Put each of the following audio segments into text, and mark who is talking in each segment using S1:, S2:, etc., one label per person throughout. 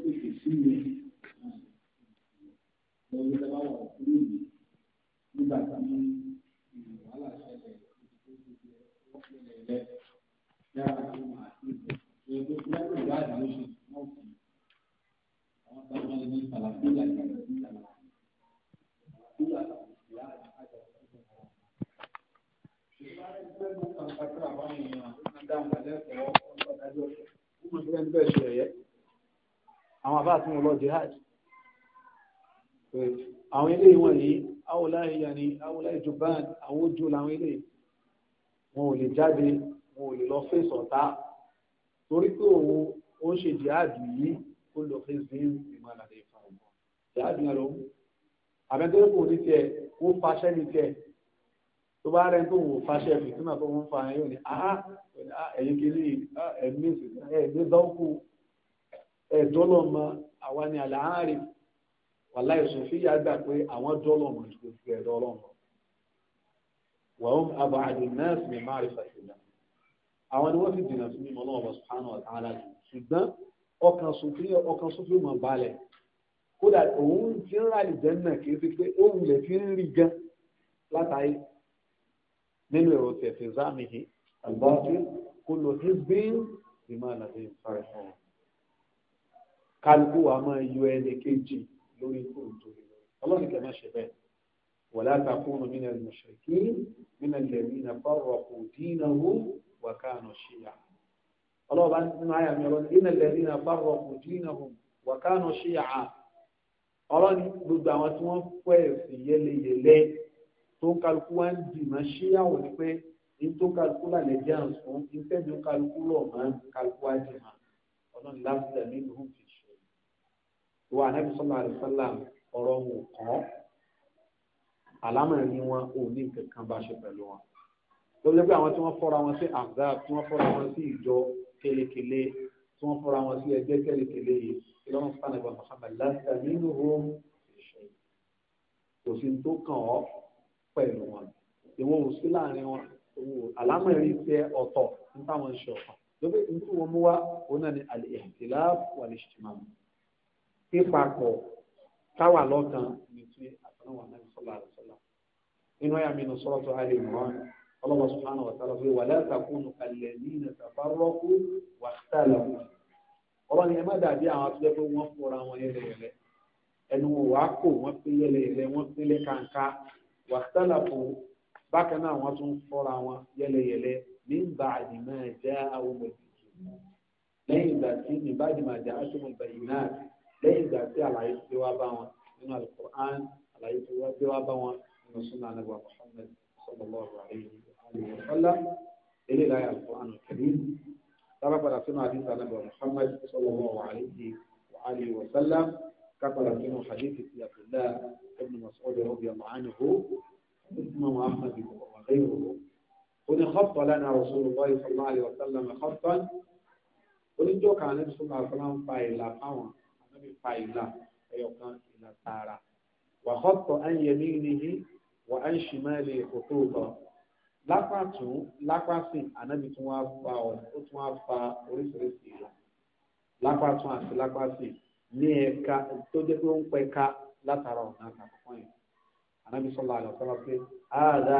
S1: pèsè sí mi lọ́wọ́ ìjọba wà fún mi
S2: nígbà tí mo ìrìn wàhálà ṣẹlẹ̀ ìdílé rẹ̀ yára tó máa ṣe ìgbẹ́ ìgbẹ́ tó yàtọ̀ ìwádìí ló ṣe wọ́n fi àwọn táwọn ẹni fàlàfíà ìgbàlódé ìgbàlódé fàlàfíà ìgbàlódé àjọ ìgbàlódé. ìgbà ẹgbẹ́ mú kàǹkàtà
S1: àwọn èèyàn dáhùn lẹ́kọ̀ọ́ ọ̀dájọ́ ó mọ̀ sí ẹgbẹ́ ìṣẹ̀lẹ̀ yẹn àwọn àbá àti wọn lọ jihad àwọn ilé wọn yìí awolá ìyá ni awolá ìjọbán àwọn ojú làwọn ilé wọn ò lè jáde wọn ò lè lọ fèsì ọ̀tá torí pé òun ó ń ṣe jihad yìí ó lọ fèsì ìmọ̀làdé ìfọ̀mọ́ jihad yẹn ló àbẹ̀tẹ́rẹ́ kò ní tiẹ̀ ó fàṣẹ ní tiẹ̀ tó bá rẹ tó wò fàṣẹ fìtínà tó ń fa ẹ̀yìn ní ẹ̀yìn kìíní ẹ̀mí ẹ̀mí dọ́kù ẹ̀dọ́lọ́mọ àwa ni àlàáre wàláì sọfíyà gbà pé àwọn dọ́lọ́mọ tó fi ẹ̀dọ́lọ́mọ wàhùn àbà àdìmẹ́sì ní máa rí fàṣẹlá àwọn ni wọ́n ti dìnnà sí mímọ́ náà wọ́n sùpánù ọ̀tá aláàjù ṣùgbọ́n ọkàn sọfíyà ọkàn sọfíyà mọ̀ balẹ̀ kódà òun ti ń rálì jẹ́nà kì í fi pé ó wulẹ̀ ti ń rí gan látàáyé nínú ẹ̀rọ tẹ̀sí zámìhì àgbà tí kò lọ sí gbé ìmọ̀ àlàyé ìfarahàn kálukú wa máa yọ ẹnì kejì lórí ikú nítorí ọlọ́run kẹ́ máa ṣe bẹ́ẹ̀ wala takunu mina al-mushrikin mina alladhina farraqu dinahum wa kanu shi'a ọlọ́run bá nínú àyà mi ọlọ́run mina alladhina farraqu dinahum wa kanu shi'a ọlọ́run gbogbo àwọn tí wọ́n fẹ́ ẹ̀sìn yẹlẹyẹlẹ tó kálukú wa ń dì máa ṣíyà wò ni pé ètò kálukú kálukú lọ́ọ̀ máa kálukú á dì máa ọlọ́run ìwà ànábì sọ́lá àdìsọ́lá ọ̀rọ̀ wọn kọ́ àlámọ̀rin ni wọn ò ní nǹkan kan bá ṣe pẹ̀lú wọn lọ́jọ́ pé àwọn tí wọ́n fọ́ra wọn sí azab tí wọ́n fọ́ra wọn sí ìjọ kélekèlé tí wọ́n fọ́ra wọn sí ẹgbẹ́ kélekèlé yìí ìlọ́run sọ́nà ìgbà Muhammad láti nínú ohun kò sí tó kàn ọ́ pẹ̀lú wọn ìwọ ò sí láàrin wọn àlámọ̀rin tẹ ọ̀tọ̀ nípa wọn ṣe ọ̀kan lọ́jọ́ pé nítorí wọn mú wá òun náà ni al-ihtilaf wal-ijtimam pípapọ̀ táwà lọ́tàn nìtú àtàwọn àmì sọ́lá àlùsọ́lá inú ẹ̀yà mi nù sọ́rọ́ tó alẹ́ mọ́ ọlọ́wọ́ subhanahu wa ta'ala wa la takunu kalladhina tafarraqu wàhtalafu ọlọ́run ni ẹ má dàbí àwọn tó jẹ́ pé wọ́n fọra wọn yẹlẹyẹlẹ ẹnu wọn wàá kò wọ́n pé yẹlẹyẹlẹ wọ́n pélé kàńká wàhtalafu bákan náà wọ́n tún fọra wọn yẹlẹyẹlẹ min ba'di ma ja'ahumul bayyinat lẹ́yìn ìgbà tí lẹ́yìn ìgbà tí àlàyé ti wá bá wọn nínú alukur'an àlàyé ti wá bí wá bá wọn nínú sunna anagba muhammed sallallahu alayhi wa sallam ilé ìlàyé alukur'an karim sábà padà sínú àdìsí anagba muhammed sallallahu alayhi wa sallam kápadà sínú hadithi ti abdullah ibn mas'ud radiyallahu anhu ismahu ahmed wa ghayruhu oni khata lana rasulullah sallallahu alayhi wa sallam khatan oníjọ́ kan ní sọ́nà àfọlá ń fa ìlà fáwọn. ànábì fa ìlà
S2: ẹyọkan ìlà
S1: tààrà wà họ́tọ̀ à ń yẹmí nìyí wà á ń ṣì máa lè òtó lọ lápá tún lápá sìn ànábì tún wá fa ọ ó tún wá fa oríṣiríṣi ìlà lápá tún àti lápá sìn ní ẹ̀ka tó jẹ́ pé ó ń pẹ́ ká látara ọ̀nà àkọ́kọ́ yẹn ànábì sọlá àlọ́ sọlá pé àádá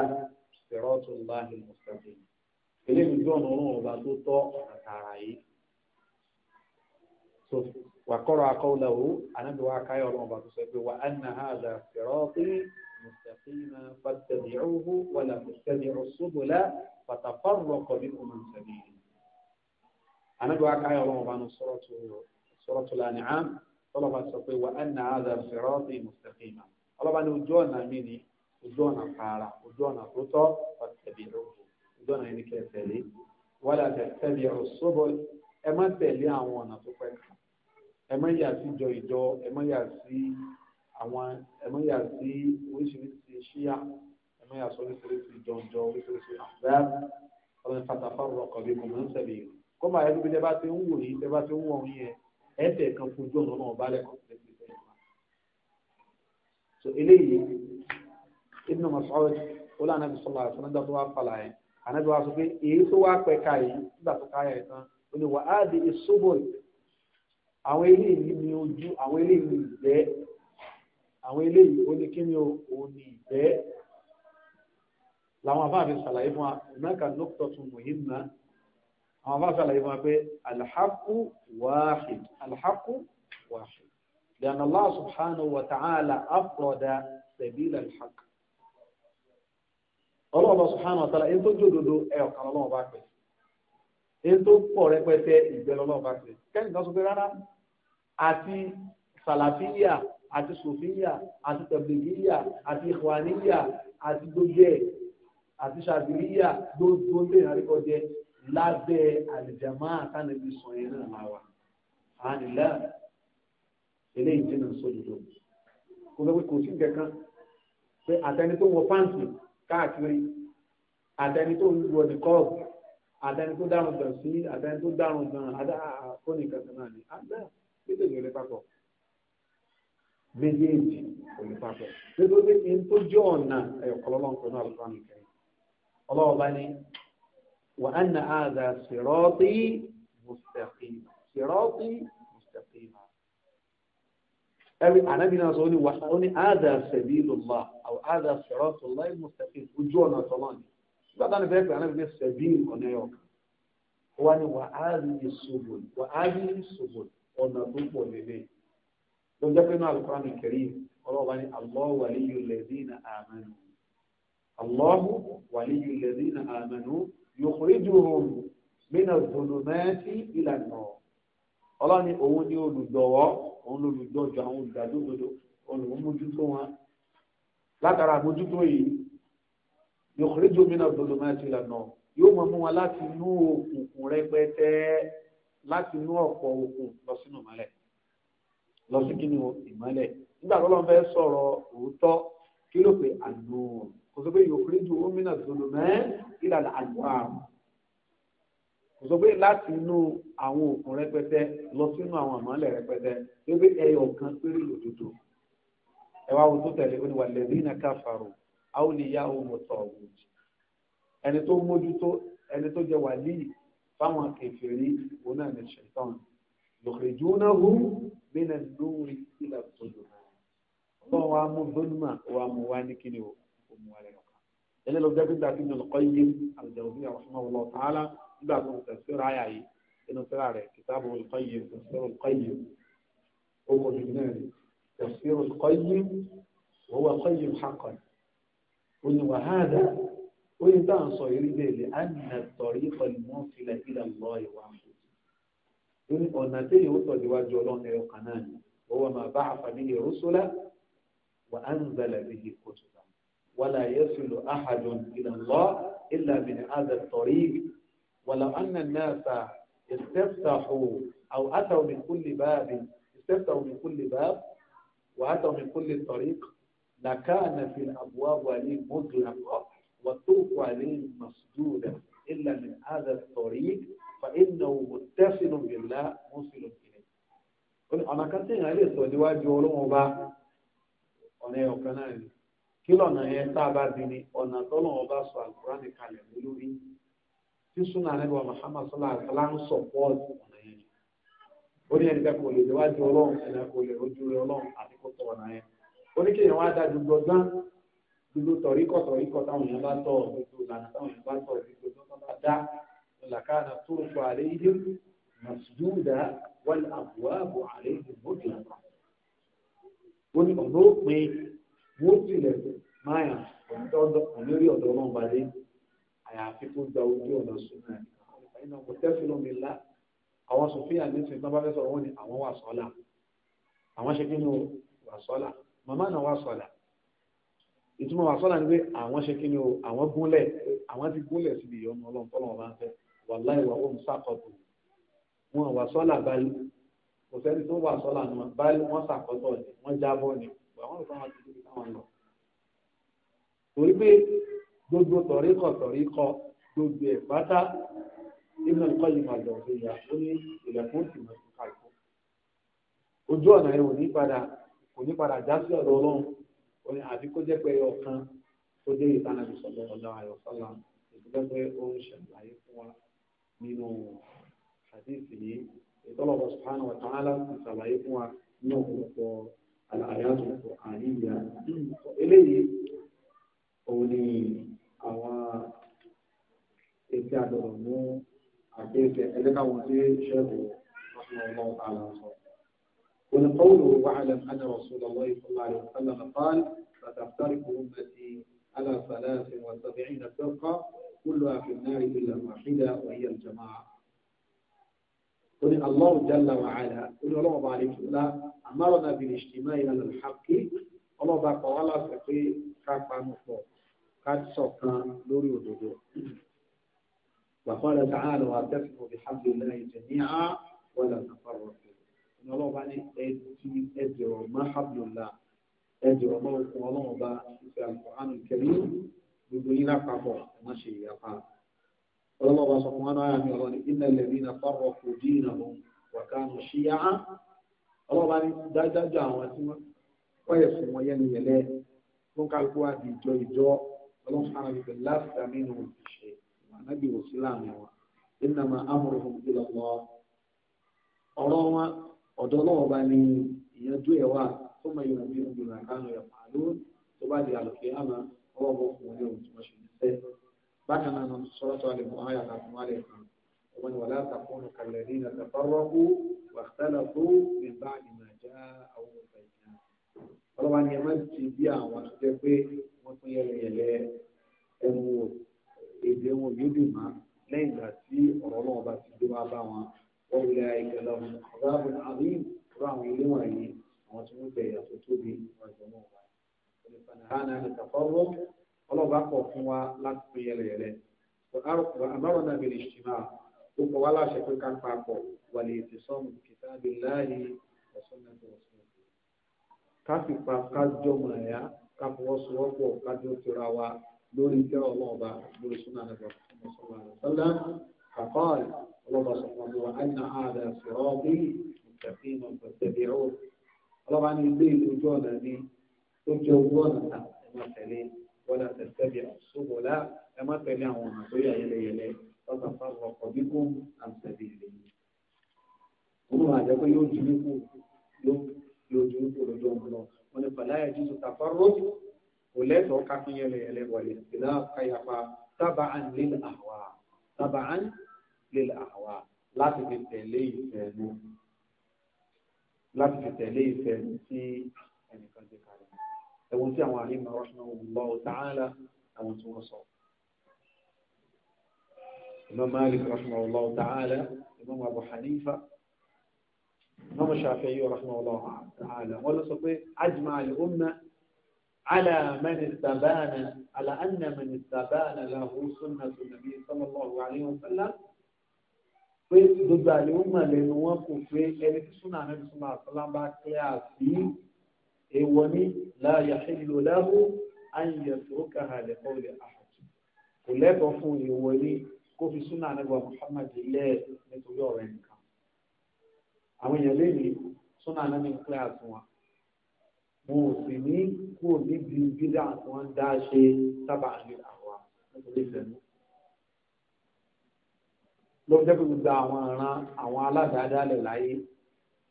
S1: sẹ̀rọ̀tù láàyè mùsùlùmí eléyìí jọ̀ọ̀nù ọ̀rùn ọba tó tọ́ àtàrà yìí wàkọ́rọ̀ akọ́wùlẹ̀wò anábì wa káyọ̀ ọlọ́run bá tó sọ pé wà á nà á dà sirati mustaqima fattabi'uhu wa la tattabi'us subula fatafarraqa bikum an sabili. anábì wa káyọ̀ ọlọ́run bá nù suratul an'am tọ́lọ́ba sọ pé wà á nà á dà sirati mustaqima ọlọ́ba ní ojú ọ̀nà mi ni ojú ọ̀nà pààrà ojú ọ̀nà tó tọ́ fattabi'uhu ojú ọ̀nà yẹn ni kẹ́ ẹ tẹ̀lé wa la tattabi'us subul ẹ má tẹ̀lé àwọn ọ̀nà tó pẹ́ kàn ẹ má yà sí ìjọ ìjọ ẹ má yà sí àwọn ẹ má yà sí oríṣiríṣi ṣíà ẹ má yà sí oríṣiríṣi ìjọ ìjọ oríṣiríṣi àgbà ọlọ́run fàtàfà rọ̀kọ̀ bí kò máa ń sẹ̀bi yìí kó máa yẹ kó tẹ bá ti ń wò yìí tẹ bá ti ń wọ̀ yìí yẹn ẹ kan fojú ọ̀nà náà balẹ̀ kan tẹ̀ sí ìfẹ́ yìí. so eléyìí Ibn Mas'ud ó lànà bí sọlá àti sọlá tó wá falà yẹn àná bí wàá sọ pé èyí tó wá pẹ̀ka yìí nígbà tó káyà yìí tán ó ní wà á àwọn eléyìí ni ojú àwọn eléyìí ni ìgbẹ́ àwọn eléyìí ó ní kíni òun ni ìgbẹ́ làwọn afáàfin ṣàlàyé fún wa náà nọ́kítọ̀ tún mòyìn mọ́ àwọn afáàfin ṣàlàyé fún wa pé alhaku wahid alhaku wahid لأن الله سبحانه وتعالى أفرد سبيل الحق الله سبحانه وتعالى إن تجدد أيوة الله باكس èyí tó pọ̀ rẹpẹtẹ ìgbẹ́lọ́lọ́ bá ṣe kẹ́nìkan sọ pé rárá àti sàlàfíyà àti sòfíyà àti tẹ̀blìgíyà àti ìhùwàníyà àti gbogbo ẹ̀ àti ṣàbíríyà gbogbo ń bẹ̀rẹ̀ àríkọ́jẹ lábẹ́ àlìjàmá àtànàbí sàn yẹn náà máa wà ànilá eléyìí jìnnà sódodo kò lọ pé kò sí kankan pé àtẹni wọ fáǹsì káàkiri àtẹni wọ ní kọ́ọ̀bù àtẹni tó dárun gbọ̀n sí àtẹni tó dárun gbọ̀n àkóní kankan náà ni àgbà méjèèjì ò lè papọ̀ méjèèjì ò lè papọ̀ nítorí pé n tó jẹ́ ọ̀nà ọlọ́run pẹ̀lú àlùfáà nìkan ọlọ́run bá ní wà á nà áàdà sèrọ́ọ̀tì mùsítẹ̀kìmà sèrọ́ọ̀tì mùsítẹ̀kìmà ẹ̀rí ànábì náà sọ ó ní áàdà sẹ̀bí lùlá àwọn áàdà sèrọ́ọ̀tì lọ́ọ̀ mùsítẹ̀kìmà ojú ọ̀nà tọ́lọ́ọ̀ni. gbàdánù bẹ́ẹ̀ pẹ̀lú ànábì sẹ̀bíìn ọ̀nà ẹ̀ ọ̀kan wa ní wà á rí ìṣòwò wà á rí ìṣòwò ọ̀nà tó pọ̀ lélẹ̀ Al-Qur'an Al-Karim ọlọ́ọ̀bá ní Allahu waliyyul ladhina amanu Allahu waliyyul ladhina amanu yukhrijuhum ila yi. yọkùnrẹ́jọ mi náà gbọdọ̀ máa ti lànà yóò máa mú wọn láti inú òkùnkùn rẹpẹtẹ láti inú ọ̀pọ̀ òkun lọ sínú ìmọ́lẹ̀ lọ sí kí ni ìmọ́lẹ̀ nígbà tó lọ́n fẹ́ sọ̀rọ̀ òótọ́ kí ló pé àná kò sọ pé yọkùnrẹ́jọ mi náà gbọdọ̀ mẹ́ ìlànà àjọ àrùn kò sọ pé láti inú àwọn òkun rẹpẹtẹ lọ sínú àwọn ìmọ́lẹ̀ rẹpẹtẹ pé ẹyọ kan péré lòdòdò ẹ wá wo tó tẹ̀lé ó ní wà lẹ́bí awliyahu mutaghut ẹni tó mójútó ẹni tó jẹ wàlíì fáwọn kèfèrí òun náà ní ṣẹ̀tàn yukhrijunahu mina an-nuri ila adh-dhulumat ọlọ́run wa mú bọ́lùmà wa mú wa ní kíni o mú wa lẹ́yìn ọ̀kan ẹni lọ́jọ́ pé dàbí Ibn Qayyim al-Jawziyya rahimahullah ta'ala nígbà tó ń tẹ̀síọ́rọ̀ àyà yìí inú oníwàhádà oye tá à ń sọ yìí léèlè á nà tọ̀rí pẹ̀lú wọn filẹ̀ ilẹ̀ lọ ìwà àmì lórí ọ̀nà tí yóò tọ̀ níwájú ọlọ́run ẹ̀rọ kan náà ni owó máa bá àfàmì yẹn rúṣọlá wà á ń zẹlẹ̀ bí yìí kó tó bá wà láà yẹ fìlò àhàjọ ilẹ̀ lọ ilẹ̀ mi ni àdà tọ̀rí wà láà án nà náà sà ìsẹ́fṣàfò àwọn àtàwọn mi kúlè báàbì ìsẹ́fṣàwọn mi kúlè báàbì wà àtàwọn mi kúlè لكان في الأبواب عليه مطلقة والطرق عليه مسدودة إلا من هذا الطريق فإنه متصل بالله موصل إليه أنا كنت عليه سؤال واجه ولوم با أنا يوكناني kí lọ́nà yẹn tá a bá di ni ọ̀nà
S2: tọ́lọ́wọ́ bá sọ àlùkùránì kalẹ̀ ní lórí
S1: tí súnà nígbà Muhammad sọlá àkàlà ń sọ pọ́ọ̀lù ọ̀nà yẹn ó ní ẹni kẹ́kọ̀ọ́ lè déwájú ọlọ́run ẹni kẹ́kọ̀ọ́ lè rojú rẹ ọlọ́run àti kó tọ̀ ọ̀nà yẹn oníkéèyàn wá dá gbogbo gbọ́n gbogbo tọ̀ríkọ̀ tọ̀ríkọ̀ táwọn èèyàn bá tọ̀ gbogbo ìlànà táwọn èèyàn bá tọ̀ gbogbo tó tọ́ bá dá làkàdà tó rọ̀ àlẹ́ yìí màsúdà wọ́n àbúwáàbò àlẹ́ yìí lóde àpá. wọ́n ní ọ̀dọ́ òpin wọ́n tilẹ̀ máyà ọ̀nẹ́rí ọ̀dọ́ náà balẹ̀ àyàfi tó gba ojú ọ̀nà súnmọ́ àwọn sòfin màmá náà wá sọ̀là ìtumọ̀ wá sọ̀là ni pé àwọn ṣe kí ni o àwọn gúnlẹ̀ àwọn ti gúnlẹ̀ síbi ìyọnu ọlọ́run tọ́lọ́run bá ń fẹ́ wàláì wà wọ́n sàkọ́tù wọn wà sọ̀là báyìí kò sẹ́ni tó wà sọ̀là náà báyìí wọ́n sàkọ́tọ̀ ni wọ́n jábọ́ ni
S2: àwọn ìfọwọ́n ti dúró táwọn lọ.
S1: torí pé gbogbo tọ̀ríkọ̀ tọ̀ríkọ̀ gbogbo ẹ̀ pátá nínú nǹkan yìí máa dọ̀ sí ìyá ó ní ìlẹ̀kùn ó sì máa ti kàlùkù ojú ọ̀nà ẹ̀ ò ní padà kò ní padà já sí ọ̀dọ̀ ọlọ́run àbí kó jẹ́ pé ọ̀kan tó dé ìtànàbí sọ̀dọ̀ ọ̀dọ̀ ayọ̀ sọ́lá ìdílé pé ó ń ṣàlàyé fún wa nínú àdéhìsì yìí ìtọ́lọ̀bọ̀ subhanahu wa ta'ala ti ṣàlàyé fún wa ní ọ̀pọ̀lọpọ̀ àyàtò àríyá eléyìí òun ni àwọn ètò àdọ̀rọ̀ mú àgbẹ̀fẹ̀ ẹlẹ́kàwọn tí ṣẹ́gun ọ̀pọ̀lọpọ̀ àlàsọ̀rọ̀. ولقوله واعلم أن رسول الله صلى الله عليه وسلم قال ستفترق أمتي على ثلاث وسبعين فرقة كلها في النار إلا واحدة وهي الجماعة قل الله جل وعلا قل الله بارك الله أمرنا بالاجتماع على الحق الله بارك وعلا سقي كافا مفروض قد سقى لوري ودودو وقال تعالى واتفقوا بحبل الله جميعا ولا تفرقوا ọlọ́run bá ní ẹdí ẹdìrọ̀ má hábùlọ́lá ẹdìrọ̀ má okùn ọlọ́run bá ìfẹ́ àlùkòránù kẹrí gbogbo yín lápapọ̀ má ṣe ìyapa. ọlọ́run bá sọ fún wọn náà mi ọlọ́run iná lẹ́bí iná fọ́rọ̀ kò dí iná mọ́ wàkánù ṣíyá ọlọ́run bá ní dájájú àwọn tí wọ́n pẹ́ fún wọn yẹn nìyẹlẹ́ fún kálukú àti ìjọ ìjọ ọlọ́run ọ̀dọ̀ ọlọ́wọ́ bá ní ìyanjú ẹ̀ wà tó mọ ìyọ̀nà bí ogun náà kánú ẹ̀ pàlú tó bá di àlòkè àmà ọwọ́ bó fún wọn ní ohun tí wọ́n ṣe ní sẹ́. bákan náà sọ́rọ́ tó alẹ́ mọ́ àyà láti alẹ́ kan ọmọ ni wàlá takùnù kalẹ̀ ní ìlànà tọ́rọ́kù wàtálà tó lè bá ìmọ̀já àwọn ọ̀gá ìjà. ọlọ́wà ni ẹ má ti bí àwọn tó pé wọ́n tún yẹlẹyẹlẹ ẹ̀wọ̀n èdè wọn yóò dì má lẹ́yìn ìgbà tí ọ̀rọ̀ ọlọ́wọ́ bá ti dé wá bá wọn. أولئك لهم عذاب عظيم رحمة الله وسلم بيا فتوبي وجموع فنهانا نتفرق ولو بقوا فوا لا تبيل وأمرنا بالاجتماع ولا شكل كان فاقو والاعتصام بكتاب الله
S2: وسنة رسوله
S1: káfí pa kájọ mọ ẹyà káfọwọ́sowọ́pọ̀ kájọ tóra wa lórí ìjọ ọlọ́ọ̀ba lórí súnà nàbà ọmọ sọlá فقال الله سبحانه وأن هذا صراطي مستقيما فاتبعوه طبعا يبين وجونا لي وجونا مثلا ولا تتبعوا السبل كما تبعوا ما تبع إلي إليه فتفرق بكم عن سبيله وما عجبه يوجبكم يوجبكم لجوم الله wọn fàlà yà تفرق ولا kò lẹtọọ káfíń yẹlẹyẹlẹ wọlé ìlà للأهواء طبعا للاعوام لا تتلي فهمه لا تتلي في يعني قد لو انت عالم رحمه الله تعالى او انت وصل امام مالك رحمه الله تعالى امام ابو حنيفه امام الشافعي رحمه الله تعالى ولا صبي اجمع الامه على من استبان على أن من استبان له سنة النبي صلى الله عليه وسلم pé gbogbo àlèhùnmọ̀ lẹ́nu wọn kò pé ẹni tí súnà àmì súnà àtọ́lá bá kílẹ̀ àti èèwọ̀ ní láàyè ìlò lẹ́hù àyè tó kàrà lẹ́kọ́ lè àhàtù kò lẹ́kọ̀ọ́ fún èèwọ̀ ní kó fi súnà àmì Muhammad lẹ́ nítorí ọ̀rẹ́ nìkan
S2: àwọn èèyàn lè ní
S1: súnà àmì kílẹ̀ àti wọn wọn ò sì ní kó níbi bídà wọn dá ṣe sábà lè àwa onífẹ̀mú. ló ń dẹ́kun gba àwọn ọ̀ràn àwọn aládàádálẹ̀ láyé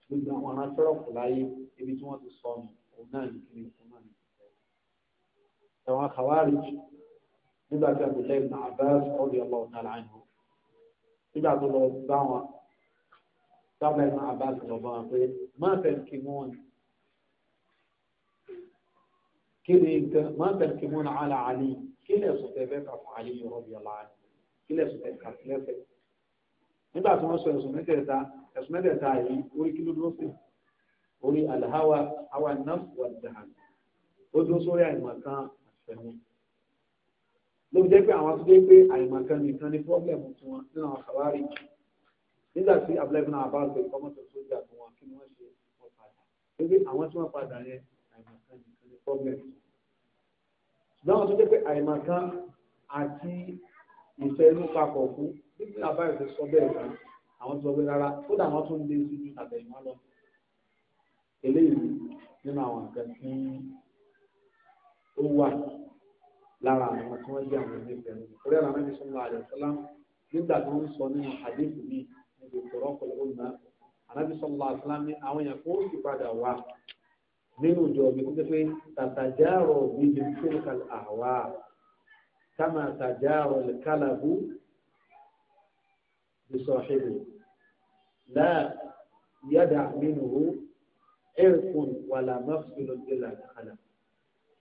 S1: gbogbo àwọn ọ̀ràn sọ́rọ̀kù láyé ibi tí wọ́n ti sọnù òun náà nìkiri òun náà nìkiri. àwọn àkàwárí nígbà tí abdullahi ibn abbas ọdí ọba ọ̀nà láàyò nígbà tó lọ bá wọn sábà ibn abbas lọ bá pé má fẹ́ kí wọ́n ní kí ni nǹkan máa bẹ̀rẹ̀ kí wọ́n ala àlè kí lè sọ tẹ́ fẹ́ kà fún àlè yọrọ bí ọlá àlè kí lè sọ tẹ́ kà fún lẹ́fẹ̀. nígbà tí wọ́n sọ ẹ̀sùn mẹ́tẹ̀ẹ̀ta ẹ̀sùn mẹ́tẹ̀ẹ̀ta yìí orí kí ló dúró sí orí alhawa hawa nafs wa dahan ó dúró sórí àìmọ̀kan àfẹ́mi. ló jẹ́ pé àwọn tó dé pé àìmọ̀kan nìkan ni pọ́blẹ̀mù tí wọ́n nínú àwọn kàwárì nígbà tí abúlé fún àwọn abáàgbé kọ́mọ́tò
S2: sójà fún wọn kí wọ́n ṣe wọ́n padà problem
S1: ṣùgbọ́n àwọn tó jẹ́ pé àìmọ̀kan àti ìfẹ́ inú papọ̀ fún nígbà bàbá ìfẹ́ sọ bẹ́ẹ̀ kan àwọn sọ pé rárá ó dà wọ́n tún lé sí ju àtẹ̀yìnwá lọ eléyìí nínú àwọn nǹkan tí ó wà lára àwọn tí wọ́n jẹ́ àwọn ilé ìfẹ́ rẹ̀ orí àwọn ẹni sọ́nà àlẹ́ sọ́lá nígbà tí wọ́n sọ nínú àdéhùn mi níbi ìkọ̀rọ̀ ọ̀pọ̀lọpọ̀ ìgbà ànábì sọ́nà àlẹ́ sọ́lá ní àwọn èèyàn kó sì padà wá nínú ìjọ mi kó pé tàtàjáàrọ̀ mi lè fún àwa kama tàjáàrọ̀ kálàbù bisọ̀hìnì láà yàdà nínú ẹ̀kùn wàlà mọ́fìlò ìlà kálà.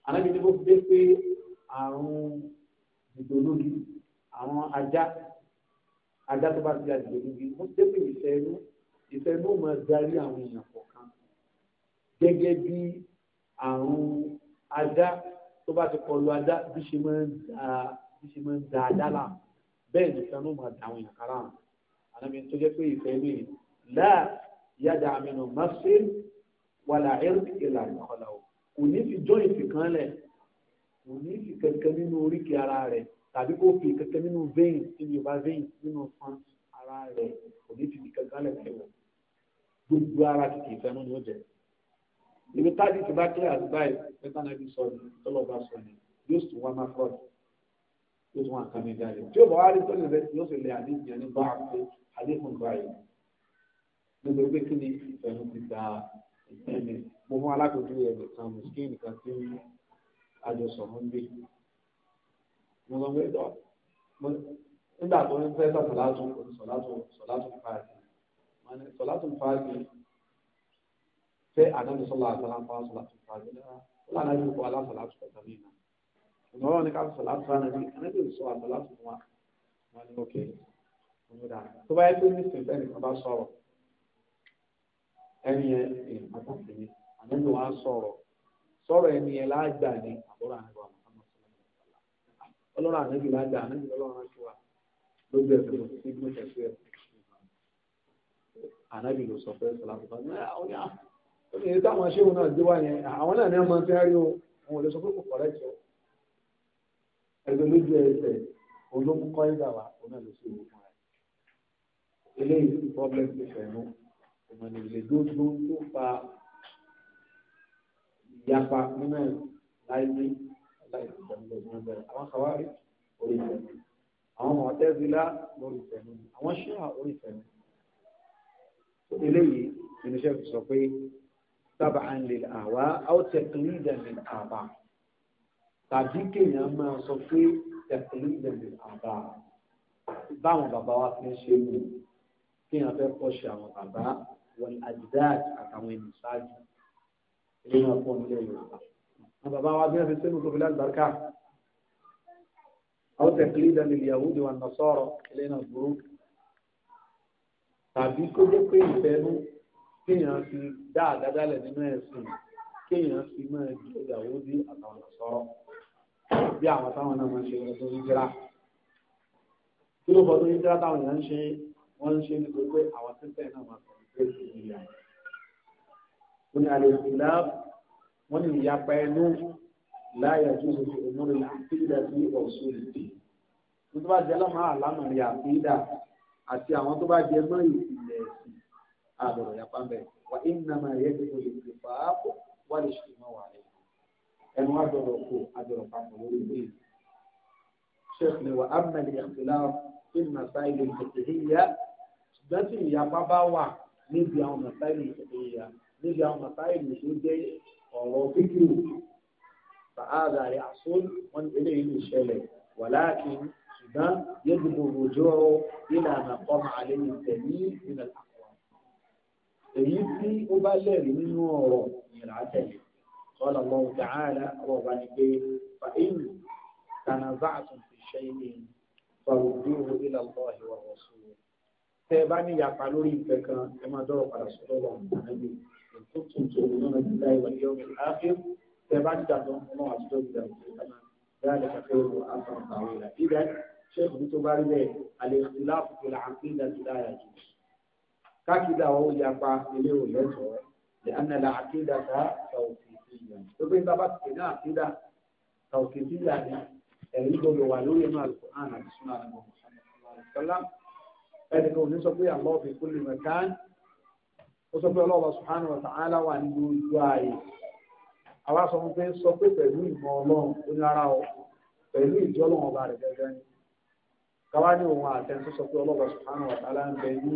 S1: alábìíní bó fi dé pé àrùn ìdòlógi àwọn ajá ajá tó bá ti àdìgbò níbi wọ́n dé pé ìfẹ́ inú ìfẹ́ inú máa darí àwọn èèyàn gẹ́gẹ́ bí àrùn ajá tó bá ti kọlu ajá bí ṣe máa ń da bí ṣe máa ń da ajá là bẹ́ẹ̀ ni fẹ́ẹ́ ló máa da àwọn èèyàn kára hàn àlàmì tó jẹ́ pé ìfẹ́ ní láà yáda àmínú masin wàlà ẹ̀rùkì ìlà ìkọlà o kò ní fi jọ́ ìfì kan kò ní fi kankan nínú oríkì ara rẹ̀ tàbí kó fi kankan nínú vein nínú ìbá vein nínú fan ara rẹ̀ kò ní fi kankan lẹ̀ kẹwọ̀ gbogbo ara kìkì ìfẹ́ ní ó jẹ́ ibi táàdì tó bá kílẹ̀ àdúgbà yìí ẹ̀ka náà bí sọ ni tọ́lọ̀ bá sọ ni yóò tún wá máa fọ́ yóò tún wá nǹkan mi dáre tí ó bá wá rí tọ́lẹ̀ rẹ yóò sì lè àdéhùn yẹn ní bá àpè àdéhùn gbà yìí gbogbo pé kí ni ìfẹ̀hún ti gba ìfẹ́mi mo mú alákòókò yẹn kan mùsùlùmí kan tí àjọsọ̀ ń gbé mo sọ pé dọ́ nígbà tó ń fẹ́ sọ̀tọ̀ látún sọ̀tọ̀
S2: ṣé àdáni sọlá
S1: àtàlà ń fọwọ́ sọlá tuntun àbí náà ó lànà yóò kó aláṣọlá tuntun tàbí iná ìmọ̀ràn wọn ni ká sọlá tuntun àná bí ẹni tó sọ àtàlà tuntun wa wọn ni òkè ọmọdé àná tó bá yẹ kó ní sèǹtẹ́ nìkan bá sọ̀rọ̀ ẹni yẹn èèyàn pàtàkì ni àdánù wa sọ̀rọ̀ sọ̀rọ̀ ẹni yẹn láàgbà ni àbúrò àná wa ọlọ́run ànábì lágbà ànábì ọlọ́run rántí wa lójú ẹsẹ̀ lọ sí ibi ìtẹ̀síẹ̀ ànábì ló sọ fẹ́ sọ láti bá ní àwọn ah, ó sì ní táwọn aṣẹ́wó náà gbé wá yẹn àwọn náà ní ọmọ tí wọ́n rí o wọn ò lè sọ pé kò kọ̀rẹ́ jọ ẹgbẹ́ lójú ẹsẹ̀ olókùn kọ́ ìgbà wa ó náà lọ sí ìwé fún ẹ eléyìí ti problem ti fẹ̀mú ìmọ̀nà ìlẹ̀dógún tó fa ìyapa nínú ẹ̀ láìpẹ́ láìpẹ́ àwọn kàwárí orí ìfẹ̀mú àwọn mọ̀tẹ́sílá lórí ìfẹ̀mú àwọn ṣíà orí ìfẹ̀mú eléyìí ni iṣẹ́ fi tábàá ń lè àwa áwòtẹ́kùnrin ìdẹ̀lẹ̀ àbá tàbí kéèyàn máa sọ pé tẹ̀kùnrin ìdẹ̀lẹ̀ àbá báwọn bàbá wa fi ń ṣe mú kéèyàn fẹ́ kọ́ ṣe àwọn bàbá wọn àdìdáàdì àtàwọn ènìyàn ṣáájú èèyàn pọ̀ nílẹ̀ Yorùbá àwọn bàbá wa bí wọ́n fi sẹ́nu tó fi lágbàkà áwòtẹ́kùnrin ìdẹ̀lẹ̀ Yahudi wà Nasara ilé náà burú tàbí kó jẹ́ pé ìfẹ́ nù kéèyàn fi dá àgádálẹ̀ nínú ẹ̀sìn kéèyàn fi máa di ìyàwó bí àtàwọn sọ̀rọ̀ bí àwọn táwọn náà máa ń ṣe ọdún hijira kí ló fọdún hijira táwọn èèyàn ń ṣe wọ́n ń ṣe nítorí pé àwọn tẹ́tẹ́ náà máa sọ̀rọ̀ pé kì í yà wọ́n ní alẹ́ ìlà wọ́n ní ìyapa ẹnu láyà tó ṣe fi òmùrè àfíìdà sí ọ̀ṣun ìdí tó bá jẹ́ lọ́mọ àlámọ̀ ní àfíìdà àti àwọn tó bá jẹ́ mọ́ ìpìlẹ̀ àbọ̀rọ̀ yapa ń bẹ̀ wà ìnàmà yẹ́dẹ̀ olè ní fàákù wà lè ṣe ìmọ̀ wà lẹ́yìn ẹnu àbọ̀rọ̀ kù àbọ̀rọ̀ papọ̀ lórí ilé yìí sheikh ni wà amẹ́lì ẹ̀kúlá fún masáìlì ìfẹ̀tẹ̀hìyà ṣùgbọ́n tí ìyapa bá wà níbi àwọn masáìlì ìfẹ̀tẹ̀hìyà níbi àwọn masáìlì tó jẹ́ ọ̀rọ̀ fíkìrù fàáza rẹ̀ àsún wọn eléyìí lè ṣẹlẹ̀ wà láàkín ṣùgbọ́n yẹ́dùn èyí tí ó bá lẹ́rìí nínú ọ̀rọ̀ ìrà tẹ̀lé sọ́lá mọ́ tààlà àwọn ọba ni pé fàáyìn tanaza'tum fi shay'in farudduhu ila Allahi wa rasul tẹ́ ẹ bá ní yàpá lórí ìfẹ́ kan ẹ máa dọ́rọ̀ padà sọ́dọ̀ lọ nàbí ètò tuntun nínú ìlà ìwà ìyá omi ààfin tẹ́ bá ti dàgbọ́ ọmọ àtijọ́ ìdá ìdá dáàlẹ̀ kàfẹ́ ìlú àtàwọn àwọn ìlà ìbẹ̀ ṣé ìlú tó bá rí bẹ́ẹ̀ al-ikhtilafu fil aqidati la yajuz kákìdá àwọn olùyapa ilé ò lẹ́tọ̀ọ́ ní anàlà àkìdá ká
S2: tàwùkìtìyà
S1: tó pé bá bá ti pè ní àkìdá tàwùkìtìyà ni ẹ̀rí gbọdọ̀ wà lórí ẹ̀mọ́ àlùkò àná àti súnà àlùkò sọlá ẹni kan ò ní sọ pé àlọ́ fi kú lè mẹ́kán ó sọ pé ọlọ́wọ́ sùhánù ọ̀tà áńlá wà ní gbogbo ààyè àwa sọ fún pé sọ pé pẹ̀lú ìmọ̀ ọlọ́run ó ní ara ọ pẹ̀lú ìjọ́lọ́wọ́n ọba rẹ̀ gẹ́gẹ́ ni káwá ní òun àtẹnusọ pé ọlọ́wọ́ sùhánù ọ̀tà áńlá ń bẹ ní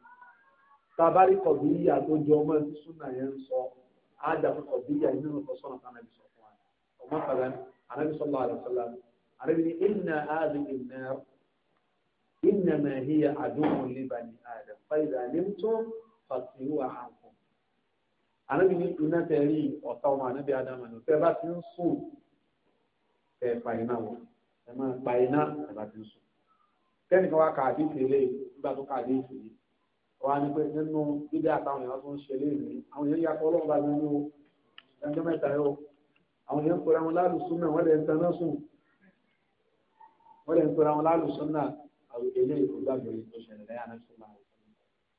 S1: tabari kọ̀bíyà tó jọ ọmọ ẹni súnà yẹn ń sọ ádàbọ̀ kọ̀bíyà inú ọkọ̀ sọ̀nà kan àbí sọ fún wa ọmọ kàlẹ́ ànábi sọ̀lá àdàsọ́lá ànábi ní iná àbí iná iná mà híyà àdúgbò lébà àdà fàyìlà ní ọmọ ní bá ti ń sùn wọn ẹ máa bá ti ń sùn kàdí tó kàdí wọ́n á ní pé nínú bíbí àtàwọn èèyàn tó ń ṣe léèrè àwọn èèyàn yakọ̀ ọlọ́run bá lóyún o ẹjọ́ mẹ́ta yọ àwọn èèyàn ń pera wọn lálùsùn náà wọ́n lè ń taná sùn wọ́n lè ń pera wọn lálùsùn náà àwọn ilé ìfúgbàgbọ́
S2: yìí tó ṣẹlẹ̀ láyà náà sọ́lá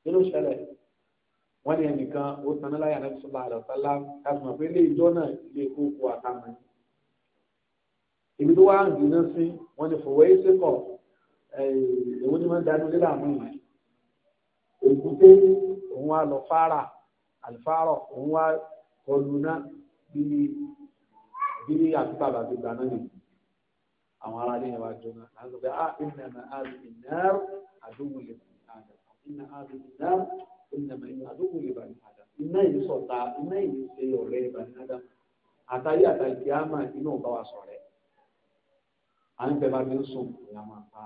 S1: kí ló ṣẹlẹ̀ wọ́n ní ẹnìkan ó taná láyà náà sọ́lá àlọ́sálá kásùmọ̀ pé ilé ìjọ náà ilé ìkókó àtàmọ́ ibi èkúté òun á lọ fara àlùfáàrọ òun á kọlu náà bí bí àtúntà àti ìgbà náà nìyí àwọn ará ilé yẹn wá jóná láti sọ pé a ìnà mà á lè náà àdúgbò lè bàní àdá ìnà á lè náà ìnà mà ìnà àdúgbò lè bàní àdá iná yìí sọta iná yìí ṣe ọ̀rẹ́ ìbàní àdá àtàyè àtàyè àmà iná ò bá wa sọ̀rẹ́ à ń bẹ bá mi sùn ìyá máa pa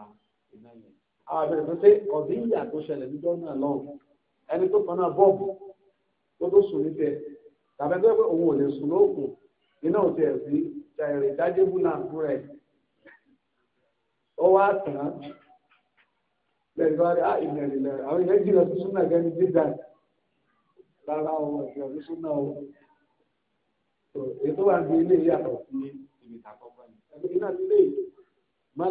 S1: iná yẹn àbẹ̀rẹ̀ tó ṣe ọ̀dí ìyà tó ṣẹlẹ̀ níjọ́ náà lọ́wọ́ ẹni tó kan náà bọ́ọ̀bù tó tó sùn níbẹ̀ tàbí tó yẹ pé òun ò lè sùn lóògùn iná ò tiẹ̀ sí ṣàìrè dájébù náà fún rẹ̀ ó wá tàn án lẹ́yìn tó wá rí ah ìmọ̀ ìrìnlẹ̀ àwọn ìyẹn jìnnà tó súnmọ́ ẹ̀gẹ́ ní dídà rárá o àti ọ̀dún súnmọ́ o
S2: ètò wà ní ilé yàtọ̀
S1: sí ibi ìtàkọ́kọ́ yìí ẹni iná nílé yìí má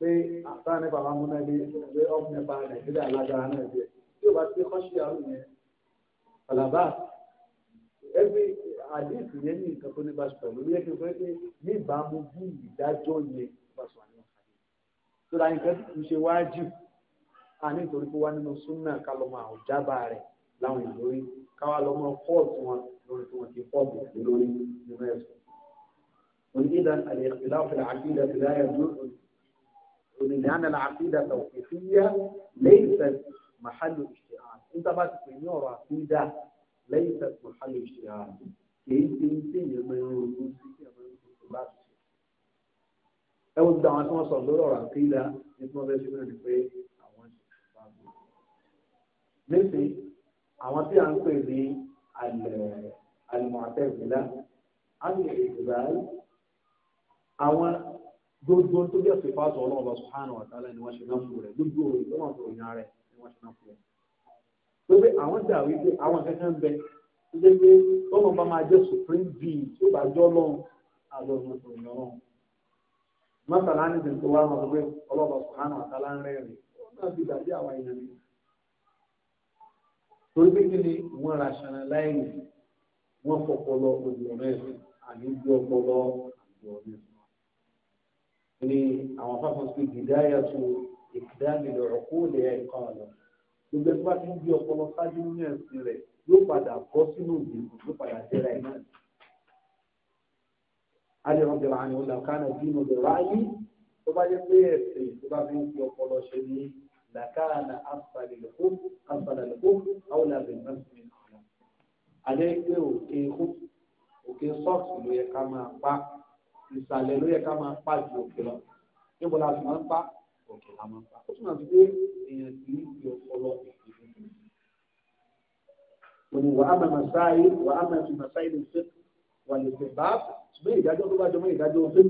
S1: pé àtàwọn nípa àwọn amúná ilé ìgbé ọ́fù nípa nàìjíríà lágbára náà jẹ tí o bá ti kọ́ṣí àwọn yẹn kàlàbà ẹbí àdéhùn yẹn ní nǹkan tó ní báṣọ pẹ̀lú yẹ kí n fẹ́ pé níbàámu bí ìdájọ́ yẹn báṣọ àwọn ọ̀sán yẹn tó dáa nǹkan tó ṣe wájú a ní nítorí pé wá nínú súnà ká lọ jábà rẹ̀ láwọn èèyàn káwá lọ fọ́ọ̀tù wọn lórí tí wọ́n ti fọ́ọ̀tù lórí nínú ẹ̀sùn. òní àlè ìpìlá òfin àkíyèsí láyé dúró onídàánà làásìdá tàwùkìfìyà lẹ́yìnsẹ̀ màhálù ìṣẹ̀hàn níta bá ti pè ní ọ̀rọ̀ àkúdá lẹ́yìnsẹ̀ màhálù ìṣẹ̀hàn kìí ṣe ń tẹ̀ yẹn mẹ́rin ronú sí kí ẹ̀mọ́ ìṣòro tó bá ṣe. ẹ wo gbogbo àwọn tí wọ́n sọ lórí ọ̀rọ̀ àkúdá ní tí wọ́n fẹ́ ṣe mẹ́rin pé àwọn ìṣòro bá gbọ́. nísìnyí àwọn tí a ń pè ní àlùmọ̀ọ́tẹ̀ gbogbo tó jẹ́ sí fásitì ọlọ́run bá subhanahu wa ta'ala ni wọ́n ṣe náà fún rẹ̀ gbogbo òun tó wà fún ìyá rẹ̀
S2: ni wọ́n ṣe náà fún rẹ̀.
S1: tó pé àwọn dà wípé àwọn kankan bẹ tó jẹ́ pé tọ́lọ́ bá máa jẹ́ supreme being tí ó bá jọ́ lọ́run àlọ́run tó yàn án. mọ́tàlá ní ti tó wá wọn pé ọlọ́run bá subhanahu wa ta'ala ń rẹ́rìn náà ti dàbí àwọn èèyàn ni àwọn fáfọ́n sí ìdáyà tó ìdámìlẹ̀ ọ̀kú lè ẹ̀kan ọ̀nà gbogbo ẹgbẹ́ tó ń bí ọpọlọ sáájú nínú ẹ̀sìn rẹ̀ yóò padà bọ́ sínú ìdìbò tó padà jẹ́ra ẹ̀ náà. alẹ́ wọn bẹ̀rẹ̀ àyàn ọ̀là kánà bí mo bẹ̀rẹ̀ ayé tó bá yẹ pé ẹ̀sìn tó bá fi ń fi ọpọlọ ṣe ní làkàrà àfàlẹ̀ lẹ́kọ́ àfàlẹ̀ lẹ́kọ́ àwọn làbẹ̀ náà sì ń àlẹ́ òkè òkè sọ́ọ̀tù ló yẹ ká máa pa ìsàlẹ̀ ló yẹ ká máa pa ju òkè lọ níbo la sì máa ń pa òkè la máa ń pa ó túmọ̀ sí pé èèyàn kì í fi ọpọlọ òní wàá mẹ màsáyé wàá mẹ fi màsáyé lè fẹ́ wà lè fẹ́ bá ṣùgbọ́n ìdájọ́ tó bá jọmọ́ ìdájọ́ fẹ́